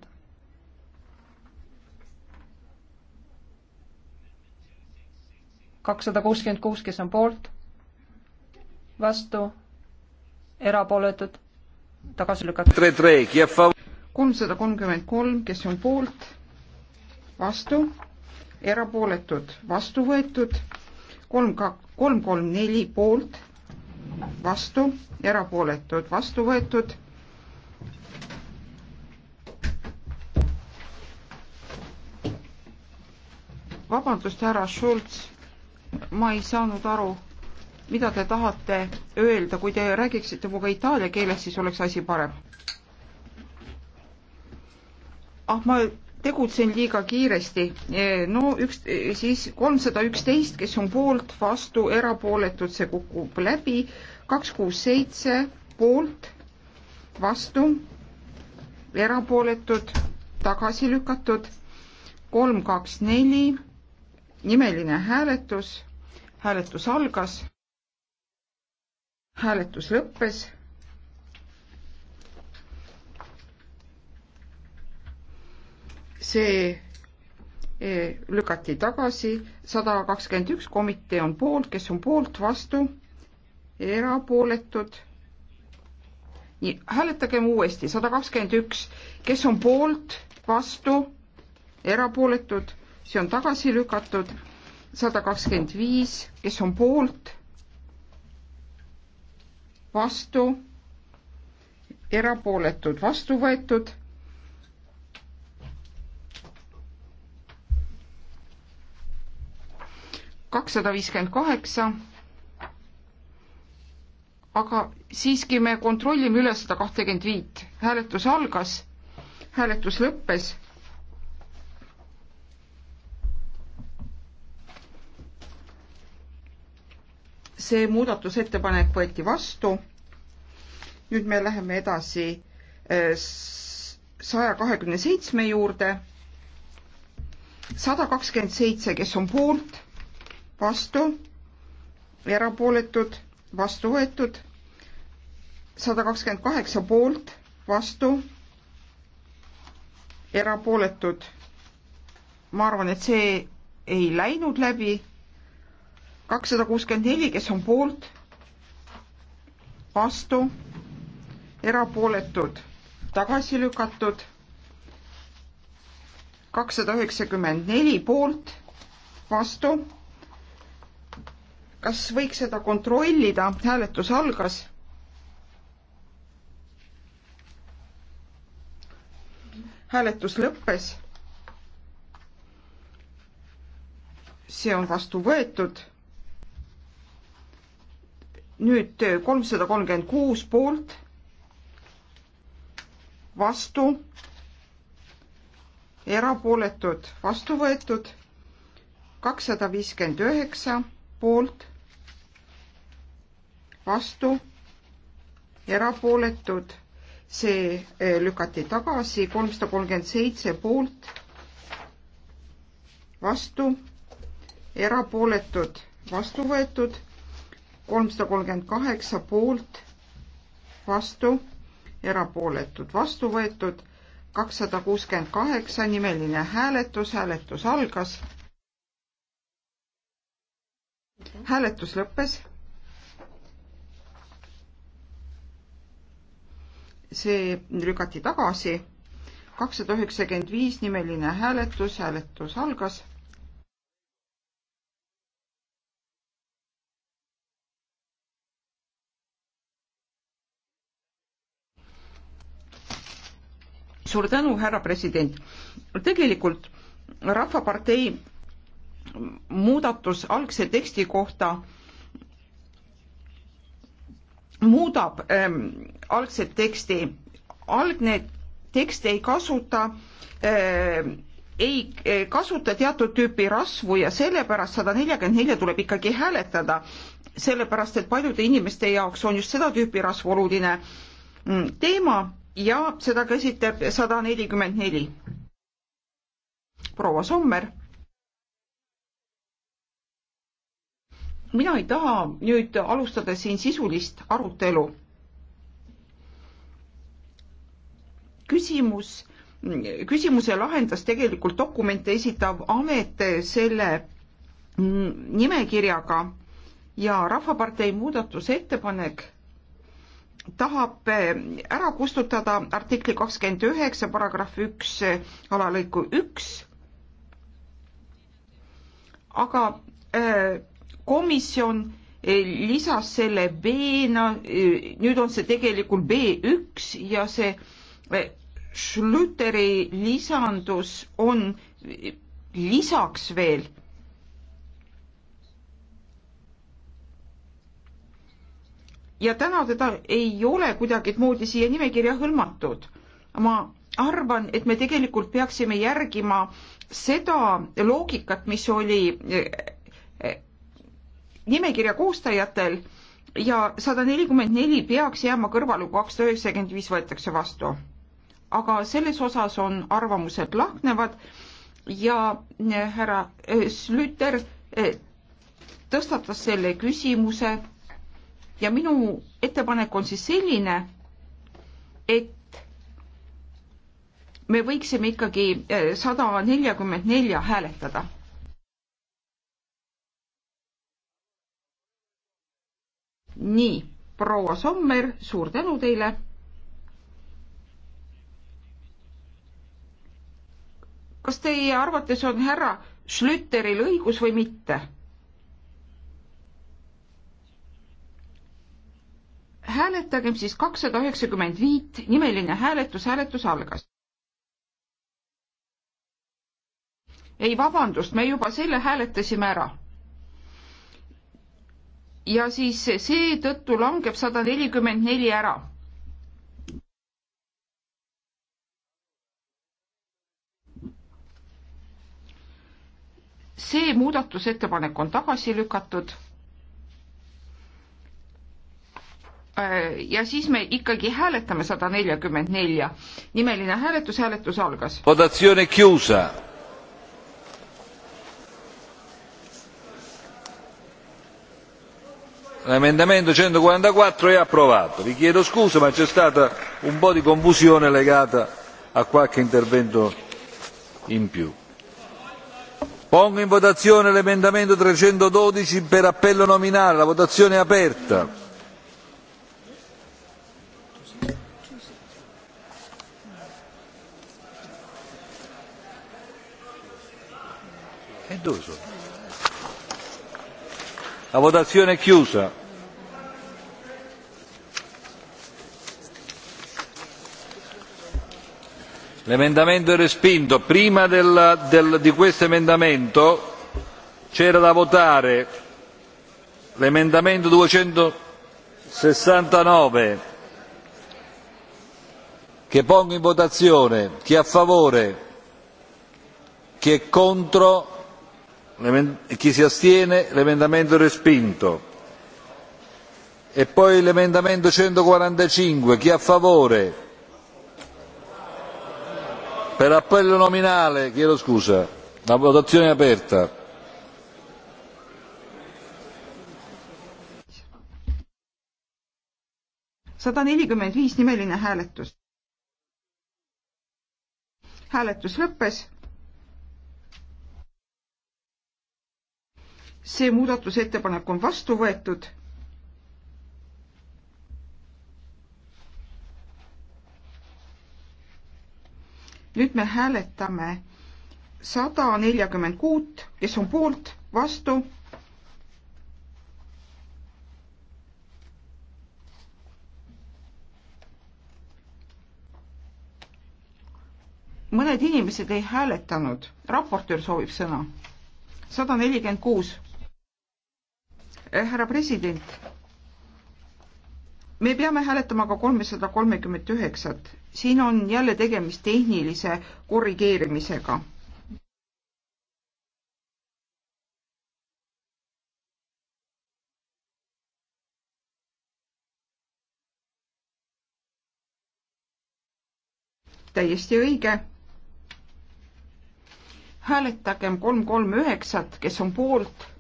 kakssada kuuskümmend kuus, kes on poolt, vastu, erapooletud, tagasi lükatud kolmsada kolmkümmend kolm, kes on poolt, vastu, erapooletud, vastu võetud, kolm, kolm, kolm, neli poolt, vastu, erapooletud, vastu võetud. vabandust, härra Schultz, ma ei saanud aru mida te tahate öelda, kui te räägiksite minuga itaalia keeles, siis oleks asi parem ah, ma tegutsen liiga kiiresti. Eh, no üks, eh, siis kolmsada üksteist, kes on poolt, vastu, erapooletud, see kukub läbi. kaks, kuus, seitse poolt, vastu, erapooletud, tagasi lükatud. kolm, kaks, neli, nimeline hääletus, hääletus algas, hääletus lõppes see e, lükati tagasi, sada kakskümmend üks komitee on poolt, kes on poolt, vastu, erapooletud. nii, hääletagem uuesti, sada kakskümmend üks, kes on poolt, vastu, erapooletud, see on tagasi lükatud, sada kakskümmend viis, kes on poolt, vastu, erapooletud, vastu võetud kakssada viiskümmend kaheksa. aga siiski me kontrollime üle sada kahtekümmend viit. hääletus algas, hääletus lõppes. see muudatusettepanek võeti vastu. nüüd me läheme edasi äh, saja kahekümne seitsme juurde. sada kakskümmend seitse, kes on poolt vastu, erapooletud, vastu võetud, sada kakskümmend kaheksa poolt, vastu, erapooletud. ma arvan, et see ei läinud läbi. kakssada kuuskümmend neli, kes on poolt, vastu, erapooletud, tagasi lükatud, kakssada üheksakümmend neli poolt, vastu kas võiks seda kontrollida, hääletus algas. hääletus lõppes. see on vastu võetud. nüüd kolmsada kolmkümmend kuus poolt, vastu, erapooletud, vastu võetud, kakssada viiskümmend üheksa poolt vastu, erapooletud, see eh, lükati tagasi, kolmsada kolmkümmend seitse poolt, vastu, erapooletud, vastu võetud, kolmsada kolmkümmend kaheksa poolt, vastu, erapooletud, vastu võetud, kakssada kuuskümmend kaheksa nimeline hääletus, hääletus algas hääletus lõppes. see lükati tagasi. kakssada üheksakümmend viis nimeline hääletus, hääletus algas. suur tänu, härra president. tegelikult Rahvapartei muudatus algse teksti kohta muudab ähm, algset teksti. algne tekst ei kasuta ähm, ei äh, kasuta teatud tüüpi rasvu ja sellepärast sada nelikümmend neli tuleb ikkagi hääletada, sellepärast et paljude inimeste jaoks on just seda tüüpi rasv oluline mm, teema ja seda käsitleb sada nelikümmend neli. proua Sommer mina ei taha nüüd alustada siin sisulist arutelu. küsimus, küsimuse lahendas tegelikult dokumente esitav amet selle nimekirjaga ja Rahvapartei muudatusettepanek tahab ära kustutada artikli kakskümmend üheksa paragrahv üks alalõiku üks, aga äh, komisjon eh, lisas selle B-na, eh, nüüd on see tegelikult B1 ja see eh, Schlüteri lisandus on lisaks veel ja täna teda ei ole kuidagimoodi siia nimekirja hõlmatud. ma arvan, et me tegelikult peaksime järgima seda loogikat, mis oli nimekirja koostajatel ja sada nelikümmend neli peaks jääma kõrvale, kui kakssada üheksakümmend viis võetakse vastu. aga selles osas on arvamused lahknevad ja eh, härra eh, Slüter eh, tõstatas selle küsimuse ja minu ettepanek on siis selline, et me võiksime ikkagi sada nelikümmend nelja hääletada nii, proua Sommer, suur tänu teile. kas teie arvates on härra Schlüteril õigus või mitte? hääletagem siis kakssada üheksakümmend viit, nimeline hääletus, hääletus algas. ei, vabandust, me juba selle hääletasime ära ja siis seetõttu langeb sada nelikümmend neli ära. see muudatusettepanek on tagasi lükatud. ja siis me ikkagi hääletame sada neljakümmend nelja. nimeline hääletus, hääletus algas. l'emendamento centoquarantaquattro è approvato. vi chiedo scusa ma c'è stata un po' di confusione legata a qualche intervento in più. pongo in votazione l'emendamento trecentododici per appello nominale la votazione è aperta. E dove sono? La votazione è chiusa. L'emendamento è respinto. Prima del, del, di questo emendamento c'era da votare l'emendamento 269 che pongo in votazione chi è a favore, chi è contro chi si astiene l'emendamento è respinto e poi l'emendamento centoquarantacinque chi è a favore per appello nominale chiedo scusa la votazione è aperta sada nelikümmend viis nimeline hääletus hääletus lõppes see muudatusettepanek on vastu võetud. nüüd me hääletame sada neljakümmend kuut, kes on poolt, vastu mõned inimesed ei hääletanud, raportöör soovib sõna. sada nelikümmend kuus. Eh, härra president, me peame hääletama ka kolmesada kolmekümmet üheksat. siin on jälle tegemist tehnilise korrigeerimisega täiesti õige. hääletagem kolm kolm üheksat, kes on poolt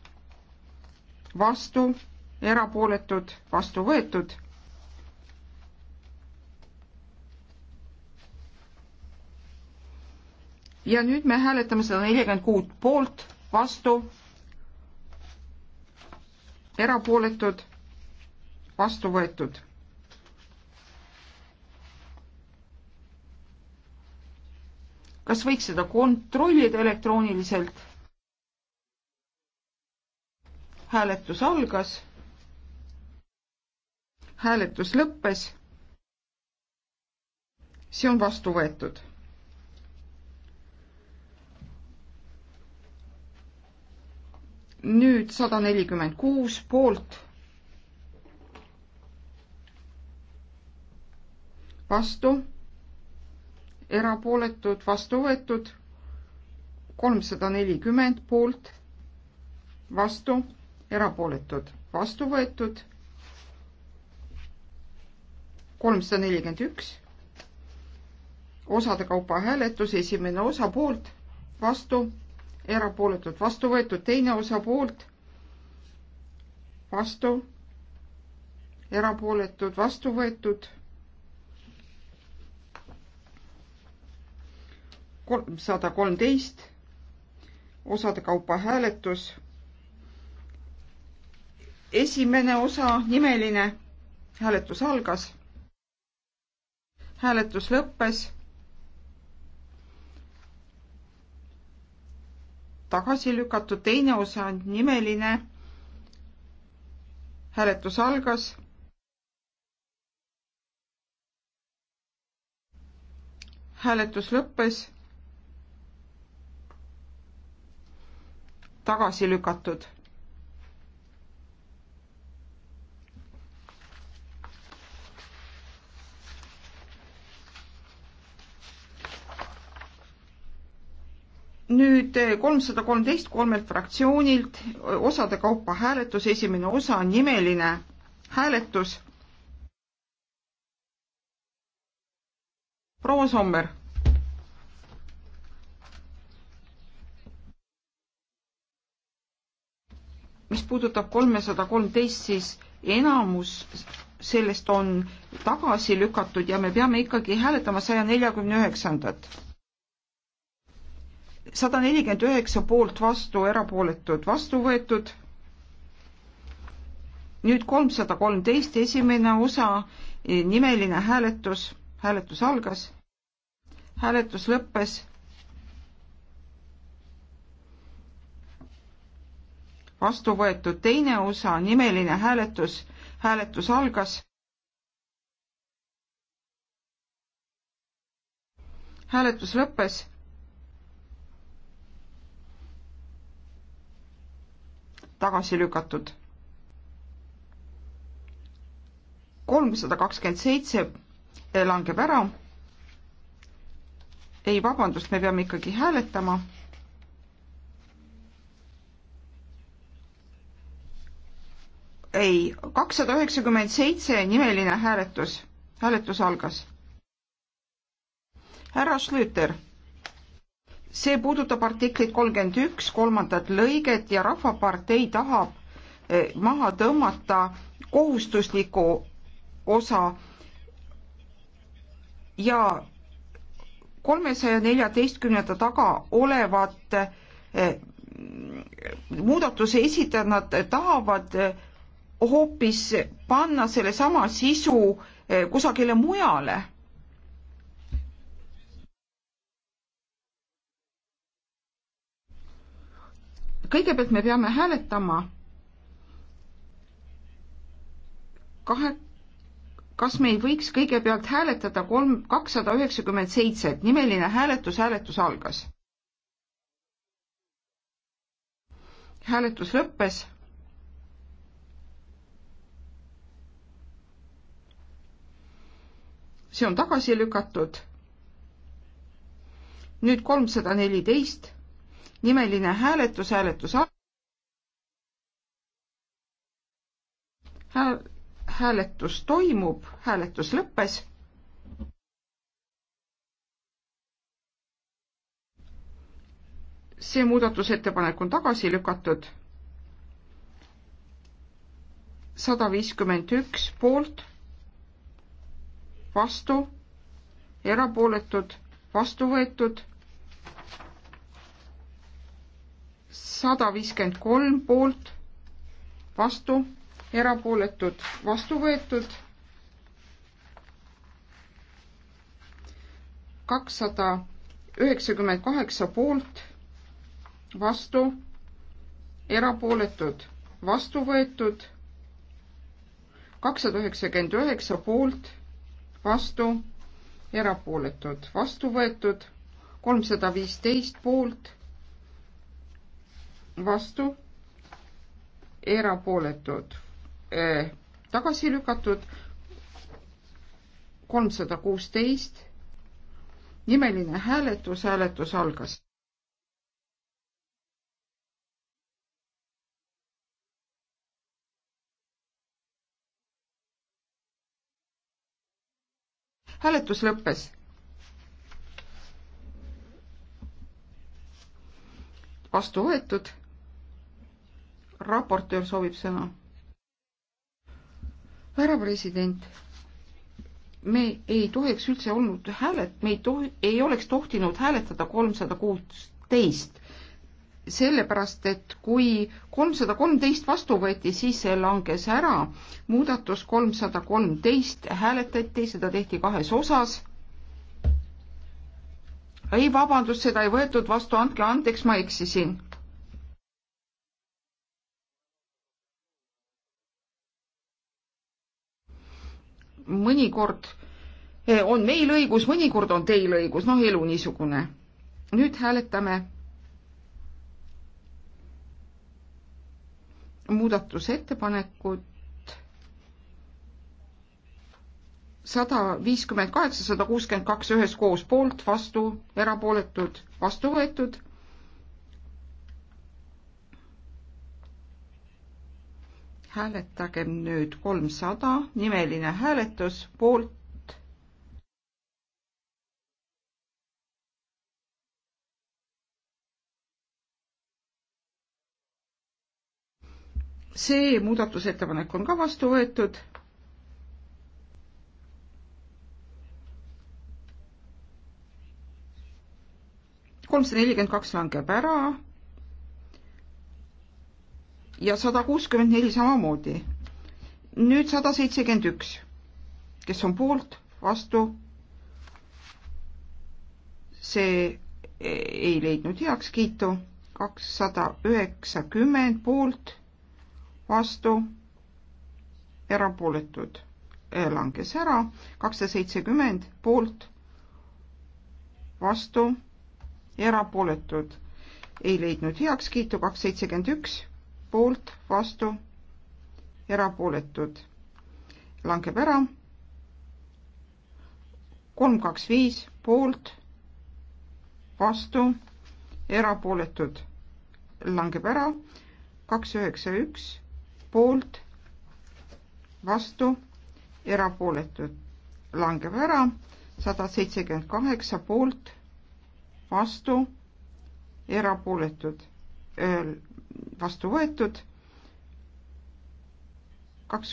vastu, erapooletud, vastu võetud. ja nüüd me hääletame sada nelikümmend kuut poolt, vastu, erapooletud, vastu võetud kas võiks seda kontrollida elektrooniliselt? hääletus algas, hääletus lõppes, see on vastu võetud. nüüd sada nelikümmend kuus poolt, vastu, erapooletud, vastu võetud, kolmsada nelikümmend poolt, vastu erapooletud, vastu võetud. kolmsada nelikümmend üks, osade kaupa hääletus, esimene osa poolt, vastu, erapooletud, vastu võetud, teine osa poolt, vastu, erapooletud, vastu võetud kolmsada kolmteist osade kaupa hääletus esimene osa, nimeline hääletus algas. hääletus lõppes. tagasi lükatud teine osa on nimeline. hääletus algas. hääletus lõppes. tagasi lükatud nüüd kolmsada kolmteist kolmelt fraktsioonilt osade kaupa hääletus, esimene osa on nimeline hääletus. proua Sommer. mis puudutab kolmesada kolmteist, siis enamus sellest on tagasi lükatud ja me peame ikkagi hääletama saja neljakümne üheksandat sada nelikümmend üheksa poolt vastu, erapooletud vastu võetud. nüüd kolmsada kolmteist, esimene osa, nimeline hääletus, hääletus algas, hääletus lõppes. vastu võetud teine osa, nimeline hääletus, hääletus algas. hääletus lõppes tagasi lükatud. kolmsada kakskümmend seitse langeb ära. ei, vabandust, me peame ikkagi hääletama. ei, kakssada üheksakümmend seitse nimeline hääletus, hääletus algas. härra Schlüter see puudutab artiklit kolmkümmend üks, kolmandat lõiget ja Rahvapartei tahab eh, maha tõmmata kohustusliku osa ja kolmesaja neljateistkümnenda taga olevat eh, muudatuse esitajad, nad tahavad eh, hoopis panna sellesama sisu kusagile mujale kõigepealt me peame hääletama kahe, kas me ei võiks kõigepealt hääletada kolm, kakssada üheksakümmend seitse, et nimeline hääletus, hääletus algas. hääletus lõppes. see on tagasi lükatud. nüüd kolmsada neliteist nimeline hääletus, hääletus Hääl... hääletus toimub, hääletus lõppes. see muudatusettepanek on tagasi lükatud. sada viiskümmend üks poolt, vastu, erapooletud, vastu võetud sada viiskümmend kolm poolt, vastu, erapooletud, vastu võetud. kakssada üheksakümmend kaheksa poolt, vastu, erapooletud, vastu võetud. kakssada üheksakümmend üheksa poolt, vastu, erapooletud, vastu võetud, kolmsada viisteist poolt vastu, erapooletud eh, tagasi lükatud, kolmsada kuusteist, nimeline hääletus, hääletus algas. hääletus lõppes vastu võetud raportöör soovib sõna. härra president, me ei tohiks üldse olnud häälet-, me ei tohi, ei oleks tohtinud hääletada kolmsada kuusteist, sellepärast et kui kolmsada kolmteist vastu võeti, siis see langes ära. muudatus kolmsada kolmteist hääletati, seda tehti kahes osas ei, vabandust, seda ei võetud vastu, andke andeks, ma eksisin. mõnikord eh, on meil õigus, mõnikord on teil õigus, noh, elu niisugune. nüüd hääletame muudatusettepanekut sada viiskümmend kaheksa, sada kuuskümmend kaks üheskoos poolt, vastu, erapooletud, vastu võetud hääletagem nüüd kolmsada, nimeline hääletus, poolt. see muudatusettepanek on ka vastu võetud kolmsada nelikümmend kaks langeb ära, ja sada kuuskümmend neli samamoodi. nüüd sada seitsekümmend üks, kes on poolt, vastu. see e-, ei leidnud heakskiitu, kakssada üheksakümmend poolt, vastu, erapooletud e-, langes ära, kakssada seitsekümmend poolt, vastu, erapooletud ei leidnud heakskiitu, kaks seitsekümmend üks poolt, vastu, erapooletud langeb ära. kolm, kaks, viis poolt, vastu, erapooletud langeb ära. kaks, üheksa, üks poolt, vastu, erapooletud langeb ära. sada seitsekümmend kaheksa poolt, vastu, erapooletud vastu võetud. kaks,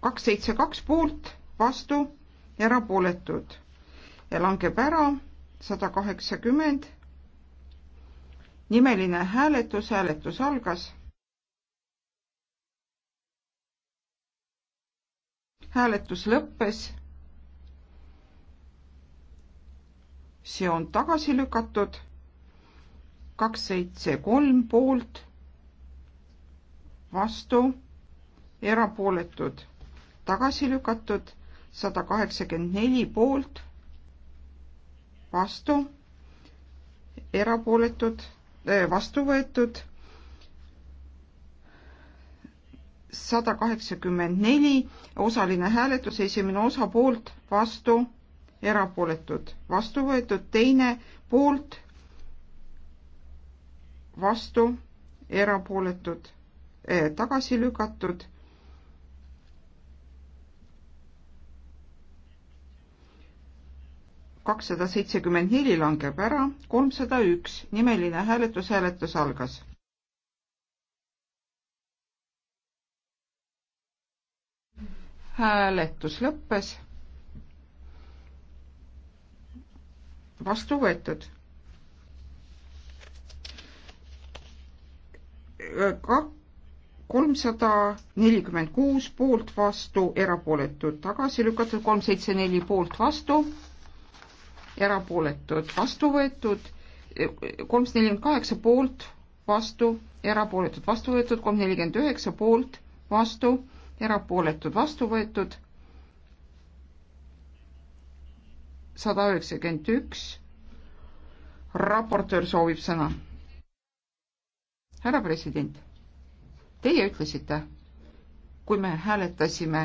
kaks seitse kaks poolt, vastu, erapooletud. langeb ära sada kaheksakümmend. nimeline hääletus, hääletus algas. hääletus lõppes. see on tagasi lükatud kaks, seitse, kolm poolt, vastu, erapooletud, tagasi lükatud, sada kaheksakümmend neli poolt, vastu, erapooletud, äh, vastu võetud, sada kaheksakümmend neli, osaline hääletus, esimene osa poolt, vastu, erapooletud, vastu võetud, teine poolt vastu, erapooletud, eh, tagasi lükatud. kakssada seitsekümmend neli langeb ära, kolmsada üks, nimeline hääletus, hääletus algas hääletus lõppes. vastu võetud. kolmsada nelikümmend kuus poolt vastu, erapooletud tagasi lükatud, kolm seitse neli poolt vastu, erapooletud vastu võetud, kolmsada nelikümmend kaheksa poolt vastu, erapooletud vastu võetud, kolm nelikümmend üheksa poolt vastu, erapooletud vastu võetud, sada üheksakümmend üks, raportöör soovib sõna härra president, teie ütlesite, kui me hääletasime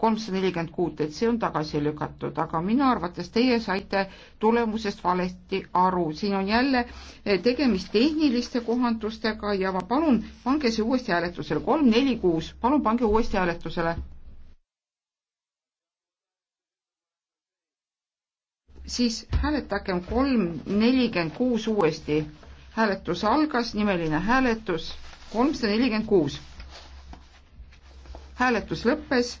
kolmsada nelikümmend kuut, et see on tagasi lükatud, aga minu arvates teie saite tulemusest valesti aru. siin on jälle eh, tegemist tehniliste kohandustega ja ma palun, pange see uuesti hääletusele, kolm, neli, kuus, palun pange uuesti hääletusele. siis hääletagem kolm, nelikümmend kuus uuesti hääletus algas, nimeline hääletus kolmsada nelikümmend kuus. hääletus lõppes.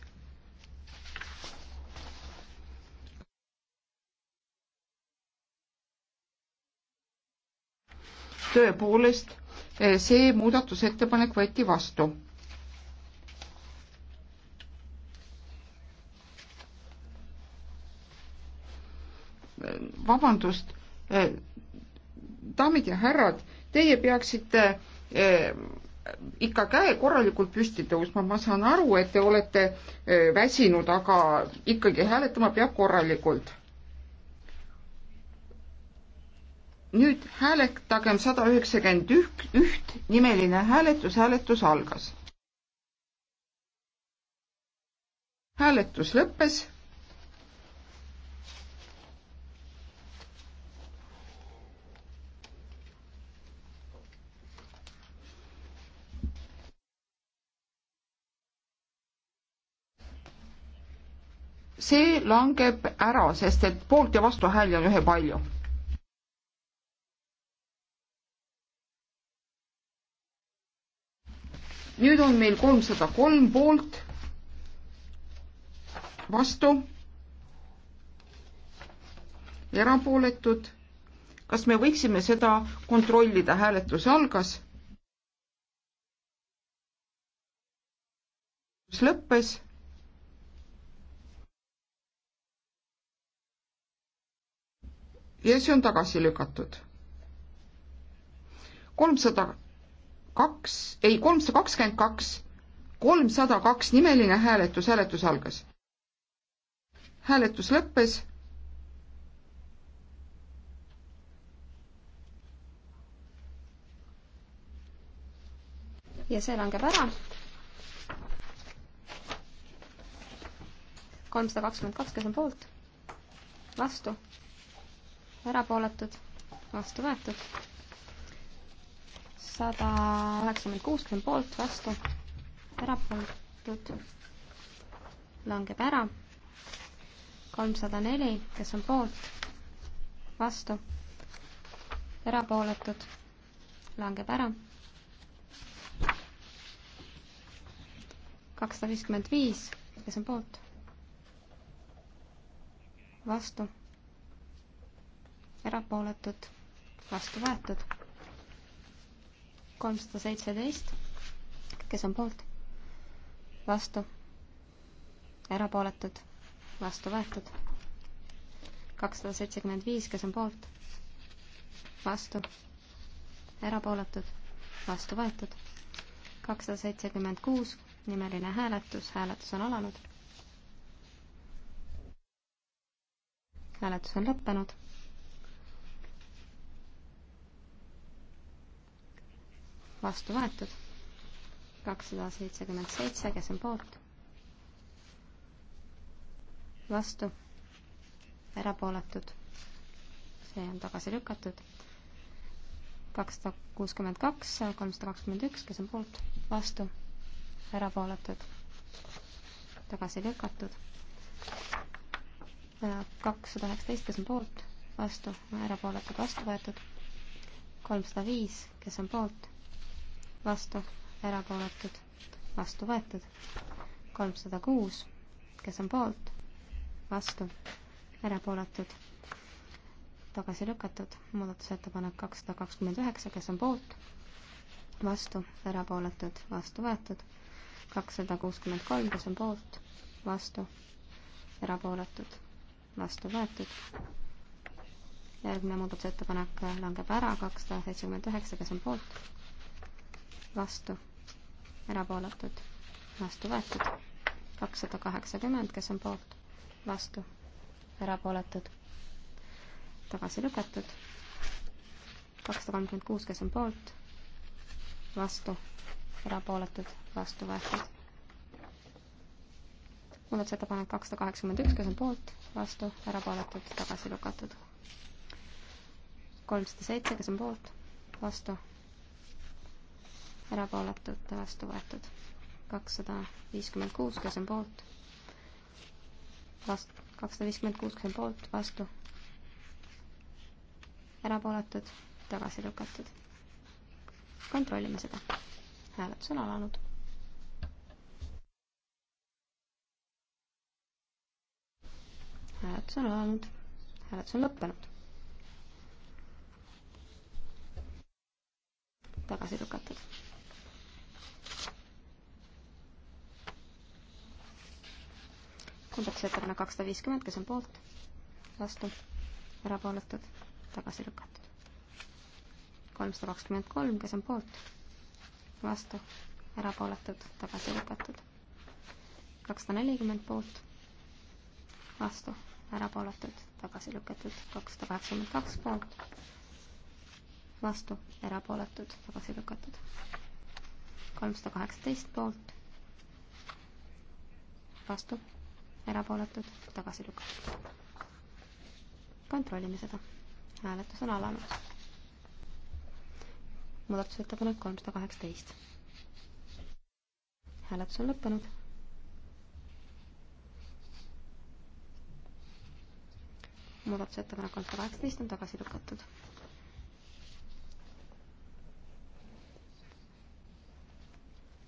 tõepoolest, eh, see muudatusettepanek võeti vastu eh, vabandust, eh, daamid ja härrad, teie peaksite eh, ikka käe korralikult püsti tõusma, ma saan aru, et te olete eh, väsinud, aga ikkagi hääletama peab korralikult. nüüd hääletagem sada üheksakümmend üht, üht, nimeline hääletus, hääletus algas. hääletus lõppes see langeb ära, sest et poolt ja vastuhääli on ühepalju. nüüd on meil kolmsada kolm poolt, vastu, erapooletud. kas me võiksime seda kontrollida, hääletus algas. lõppes ja see on tagasi lükatud. kolmsada kaks, ei, kolmsada kakskümmend kaks, kolmsada kaks nimeline hääletus, hääletus algas. hääletus lõppes. ja see langeb ära. kolmsada kakskümmend kaks, kes on poolt? vastu erapooletud, vastu võetud. sada üheksakümmend kuus, kümme poolt, vastu, erapooletud, langeb ära. kolmsada neli, kes on poolt, vastu, erapooletud, langeb ära. kakssada viiskümmend viis, kes on poolt, vastu erapooletud, vastu võetud. kolmsada seitseteist, kes on poolt, vastu, erapooletud, vastu võetud. kakssada seitsekümmend viis, kes on poolt, vastu, erapooletud, vastu võetud. kakssada seitsekümmend kuus, nimeline hääletus, hääletus on alanud hääletus on lõppenud. vastu võetud. kakssada seitsekümmend seitse, kes on poolt? vastu, erapooletud, see on tagasi lükatud. kakssada kuuskümmend kaks, kolmsada kakskümmend üks, kes on poolt, vastu, erapooletud, tagasi lükatud. kakssada üheksateist, kes on poolt, vastu, erapooletud, vastu võetud. kolmsada viis, kes on poolt vastu, erapooletud, vastu võetud. kolmsada kuus, kes on poolt, vastu, erapooletud, tagasi lükatud. muudatusettepanek kakssada kakskümmend üheksa, kes on poolt, vastu, erapooletud, vastu võetud. kakssada kuuskümmend kolm, kes on poolt, vastu, erapooletud, vastu võetud. järgmine muudatusettepanek langeb ära, kakssada seitsekümmend üheksa, kes on poolt vastu, erapooletud, vastu võetud. kakssada kaheksakümmend, kes on poolt, vastu, erapooletud, tagasi lükatud. kakssada kolmkümmend kuus, kes on poolt, vastu, erapooletud, vastu võetud muudatusettepanek kakssada kaheksakümmend üks, kes on poolt, vastu, erapooletud, tagasi lükatud. kolmsada seitse, kes on poolt, vastu, erapooletud, vastu võetud. kakssada viiskümmend kuus, kes on poolt, vastu, kakssada viiskümmend kuus, kes on poolt, vastu, erapooletud, tagasi lükatud. kontrollime seda. hääletus on alanud. hääletus on alanud, hääletus on lõppenud. tagasi lükatud muudatusettepanek kakssada viiskümmend, kes on poolt, vastu, erapooletud, tagasi lükatud. kolmsada kakskümmend kolm, kes on poolt, vastu, erapooletud, tagasi lükatud. kakssada nelikümmend poolt, vastu, erapooletud, tagasi lükatud. kakssada kaheksakümmend kaks poolt, vastu, erapooletud, tagasi lükatud. kolmsada kaheksateist poolt, vastu erapooletud, tagasi lükatud. kontrollime seda. hääletus on alanud. muudatusettepanek kolmsada kaheksateist. hääletus on lõppenud. muudatusettepanek kolmsada kaheksateist on tagasi lükatud.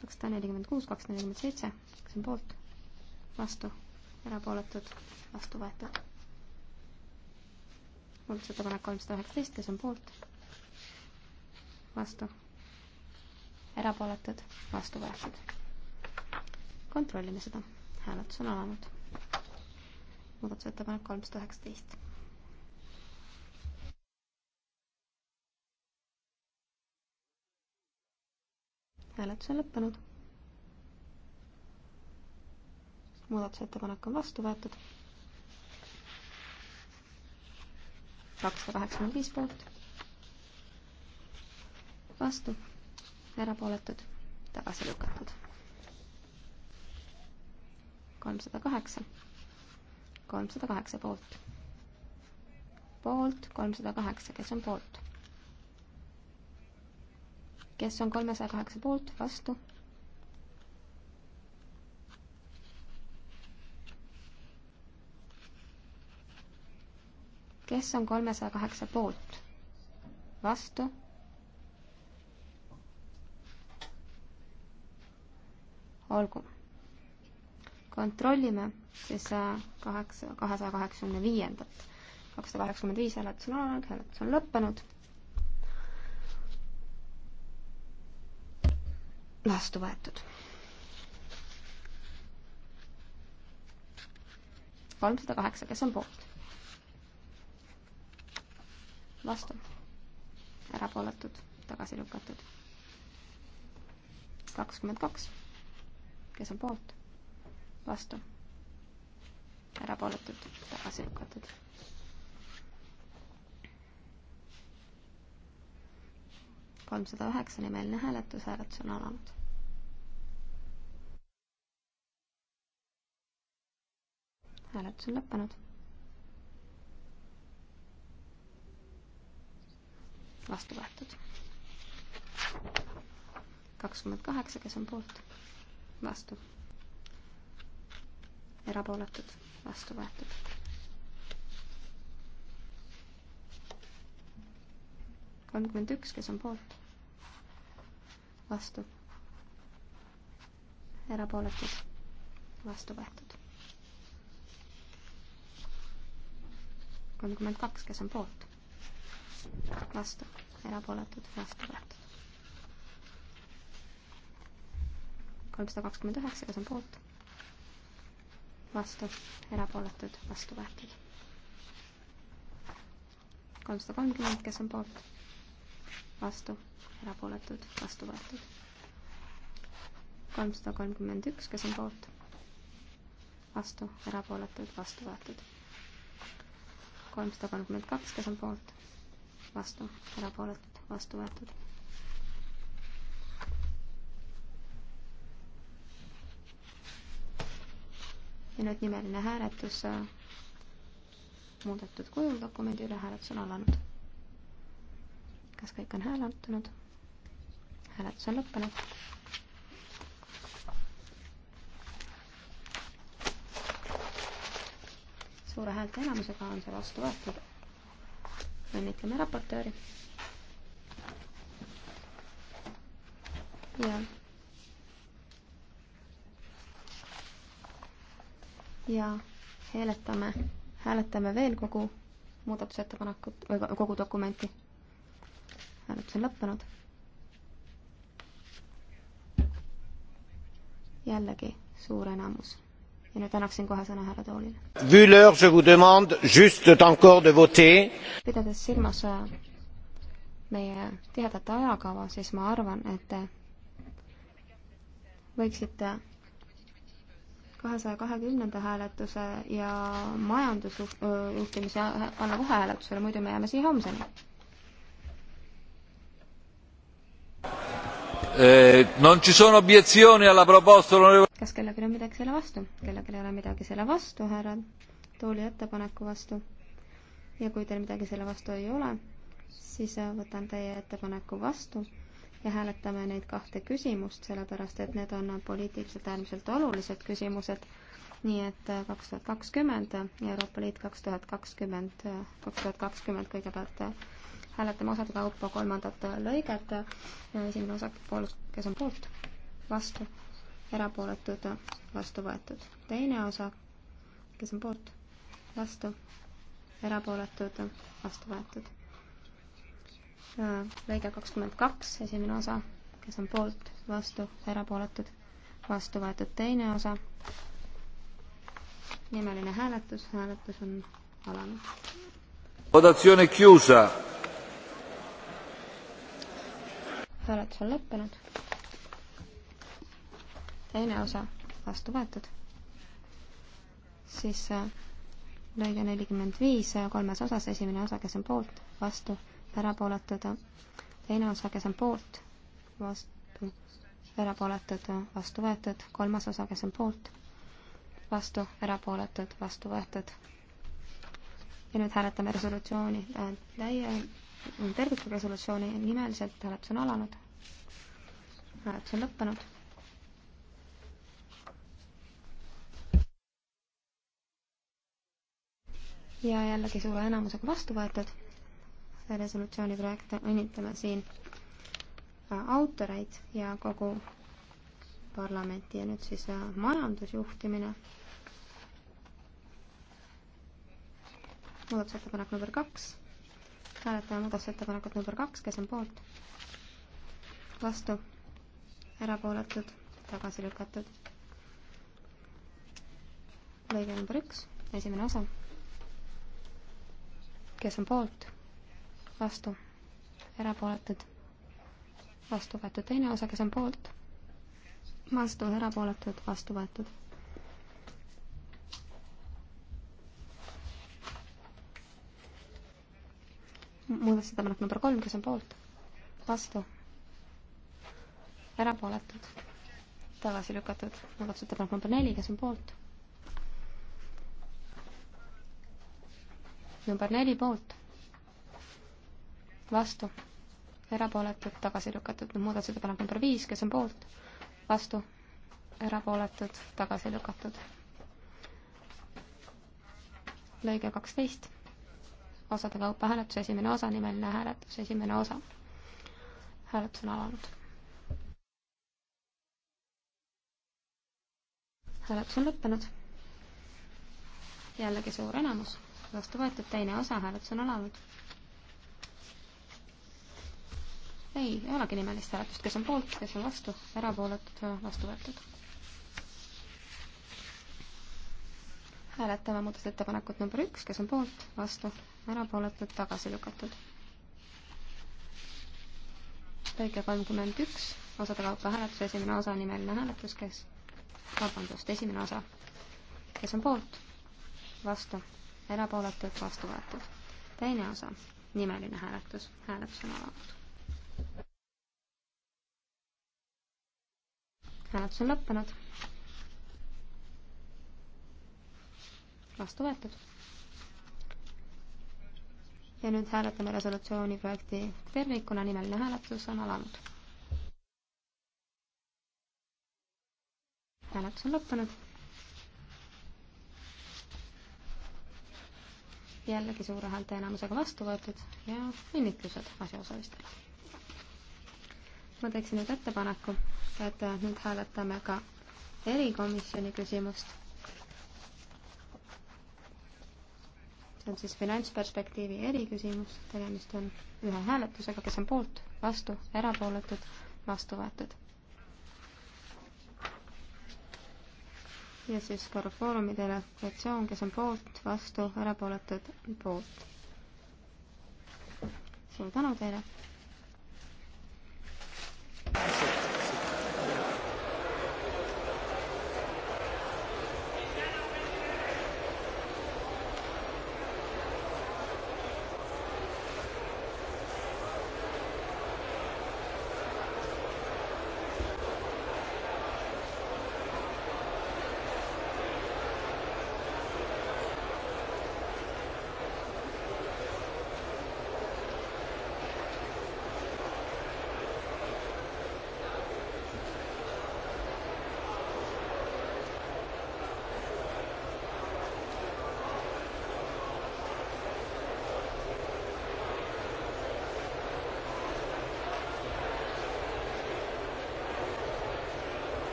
kakssada nelikümmend kuus, kakssada nelikümmend seitse, kes on poolt, vastu erapooletud, vastu võetud. muudatusettepanek kolmsada üheksateist, kes on poolt? vastu. erapooletud, vastu võetud. kontrollime seda, hääletus on alanud. muudatusettepanek kolmsada üheksateist hääletus on lõppenud muudatusettepanek on vastu võetud. kakssada kaheksakümmend viis poolt. vastu, erapooletud, tagasi lükatud. kolmsada kaheksa, kolmsada kaheksa poolt. poolt kolmsada kaheksa, kes on poolt? kes on kolmesaja kaheksa poolt, vastu kes on kolmesaja kaheksa poolt? vastu? olgu. kontrollime siis äh, kaheksa, kahesaja kaheksakümne viiendat. kakssada kaheksakümmend viis hääletus on alanud, hääletus on lõppenud. vastu võetud. kolmsada kaheksa, kes on poolt? vastu, erapooletud, tagasi lükatud. kakskümmend kaks, kes on poolt, vastu, erapooletud, tagasi lükatud. kolmsada üheksa nimeline hääletus, hääletus on alanud. hääletus on lõppenud vastu võetud. kakskümmend kaheksa, kes on poolt, vastu. erapooletud, vastu võetud. kolmkümmend üks, kes on poolt, vastu. erapooletud, vastu võetud. kolmkümmend kaks, kes on poolt vastu, erapooletud, vastu võetud. kolmsada kakskümmend üheksa, kes on poolt? vastu, erapooletud, vastu võetud. kolmsada kolmkümmend, kes on poolt? vastu, erapooletud, vastu võetud. kolmsada kolmkümmend üks, kes on poolt? vastu, erapooletud, vastu võetud. kolmsada kolmkümmend kaks, kes on poolt? vastu, erapooletud, vastu võetud. ja nüüd nimeline hääletus äh, muudetud kujul dokumendi üle, hääletus on alanud. kas kõik on hääletanud? hääletus on lõppenud. suure häälte enamusega on see vastu võetud õnnitleme raportööri. ja. ja hääletame, hääletame veel kogu muudatusettepanekut või kogu dokumenti. hääletus on lõppenud. jällegi suur enamus ja nüüd annaksin kohe sõna härra Toolile. Vüller, je vous demande juste encore de voter. pidades silmas äh, meie tihedat ajakava, siis ma arvan, et te äh, võiksite kahesaja kahekümnenda hääletuse ja majandusjuhtimise äh, alla kohe hääletusele, muidu me jääme siia homseni Eh, non ci sono obiezioni alla proposta onorevole. kas kellelgi on midagi selle vastu? kellelgi ei ole midagi selle vastu, härra Tooli ettepaneku vastu. ja kui teil midagi selle vastu ei ole, siis äh, võtan teie ettepaneku vastu ja hääletame neid kahte küsimust, sellepärast et need on poliitiliselt äärmiselt olulised küsimused. nii et äh, kaks tuhat kakskümmend, Euroopa Liit kaks tuhat kakskümmend, äh, kaks tuhat kakskümmend kõigepealt hääletame osade kaupa kolmandat lõiget. esimene osa, kes on poolt, vastu, erapooletud, vastu võetud. teine osa, kes on poolt, vastu, erapooletud, vastu võetud. lõige kakskümmend kaks, esimene osa, kes on poolt, vastu, erapooletud, vastu võetud. teine osa, nimeline hääletus, hääletus on alanud. Votazione chiusa hääletus on lõppenud. teine osa vastu võetud. siis äh, lõige nelikümmend viis, äh, kolmes osas, esimene osa, kes on poolt, vastu, erapooletud, teine osa, kes on poolt, vastu, erapooletud, vastu võetud, kolmas osa, kes on poolt, vastu, erapooletud, vastu võetud. ja nüüd hääletame resolutsiooni äh, täie terviklik resolutsiooni nimeliselt, hääletus on alanud, hääletus on lõppenud. ja jällegi suure enamusega vastu võetud resolutsiooni projekt, õnnitleme siin äh, autoreid ja kogu parlamenti ja nüüd siis äh, majandusjuhtimine. muudatusettepanek number kaks hääletame muudatusettepanekut number kaks, kes on poolt, vastu, erapooletud, tagasi lükatud. lõige number üks, esimene osa. kes on poolt, vastu, erapooletud, vastu võetud teine osa, kes on poolt, vastu, erapooletud, vastu võetud muudatusettepanek number kolm, kes on poolt? vastu? erapooletud? tagasi lükatud. muudatusettepanek number neli, kes on poolt? number neli poolt. vastu. erapooletud, tagasi lükatud. muudatusettepanek number viis, kes on poolt? vastu. erapooletud, tagasi lükatud. lõige kaksteist osade kaupa hääletus, esimene osa, nimeline hääletus, esimene osa. hääletus on alanud. hääletus on lõppenud. jällegi suur enamus, vastu võetud, teine osa, hääletus on alanud. ei, ei olegi nimelist hääletust, kes on poolt, kes on vastu, erapooletud, vastu võetud hääletame muudatusettepanekut number üks, kes on poolt, vastu, erapooletud, tagasi lükatud. lõige kolmkümmend üks, osade kaupa hääletus, esimene osa, nimeline hääletus, kes, vabandust, esimene osa, kes on poolt, vastu, erapooletud, vastu võetud. teine osa, nimeline hääletus, hääletus on alanud. hääletus on lõppenud vastu võetud. ja nüüd hääletame resolutsiooni projekti tervikuna, nimeline hääletus on alanud. hääletus on lõppenud. jällegi suure häälteenamusega vastu võetud ja õnnitlused asjaosalistele. ma teeksin nüüd ettepaneku, et nüüd hääletame ka erikomisjoni küsimust tegemist on siis finantsperspektiivi eriküsimus, tegemist on ühe hääletusega, kes on poolt, vastu, erapooletud, vastu võetud. ja siis Foorumi delegatsioon, kes on poolt, vastu, erapooletud, poolt. suur tänu teile!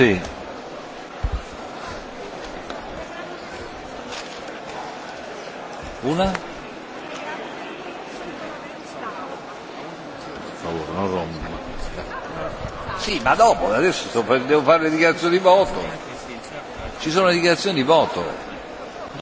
Sí. Una. favore, non rompo. Sì, ma dopo, adesso sto, devo fare le dichiarazioni di voto. Ci sono le dichiarazioni di voto.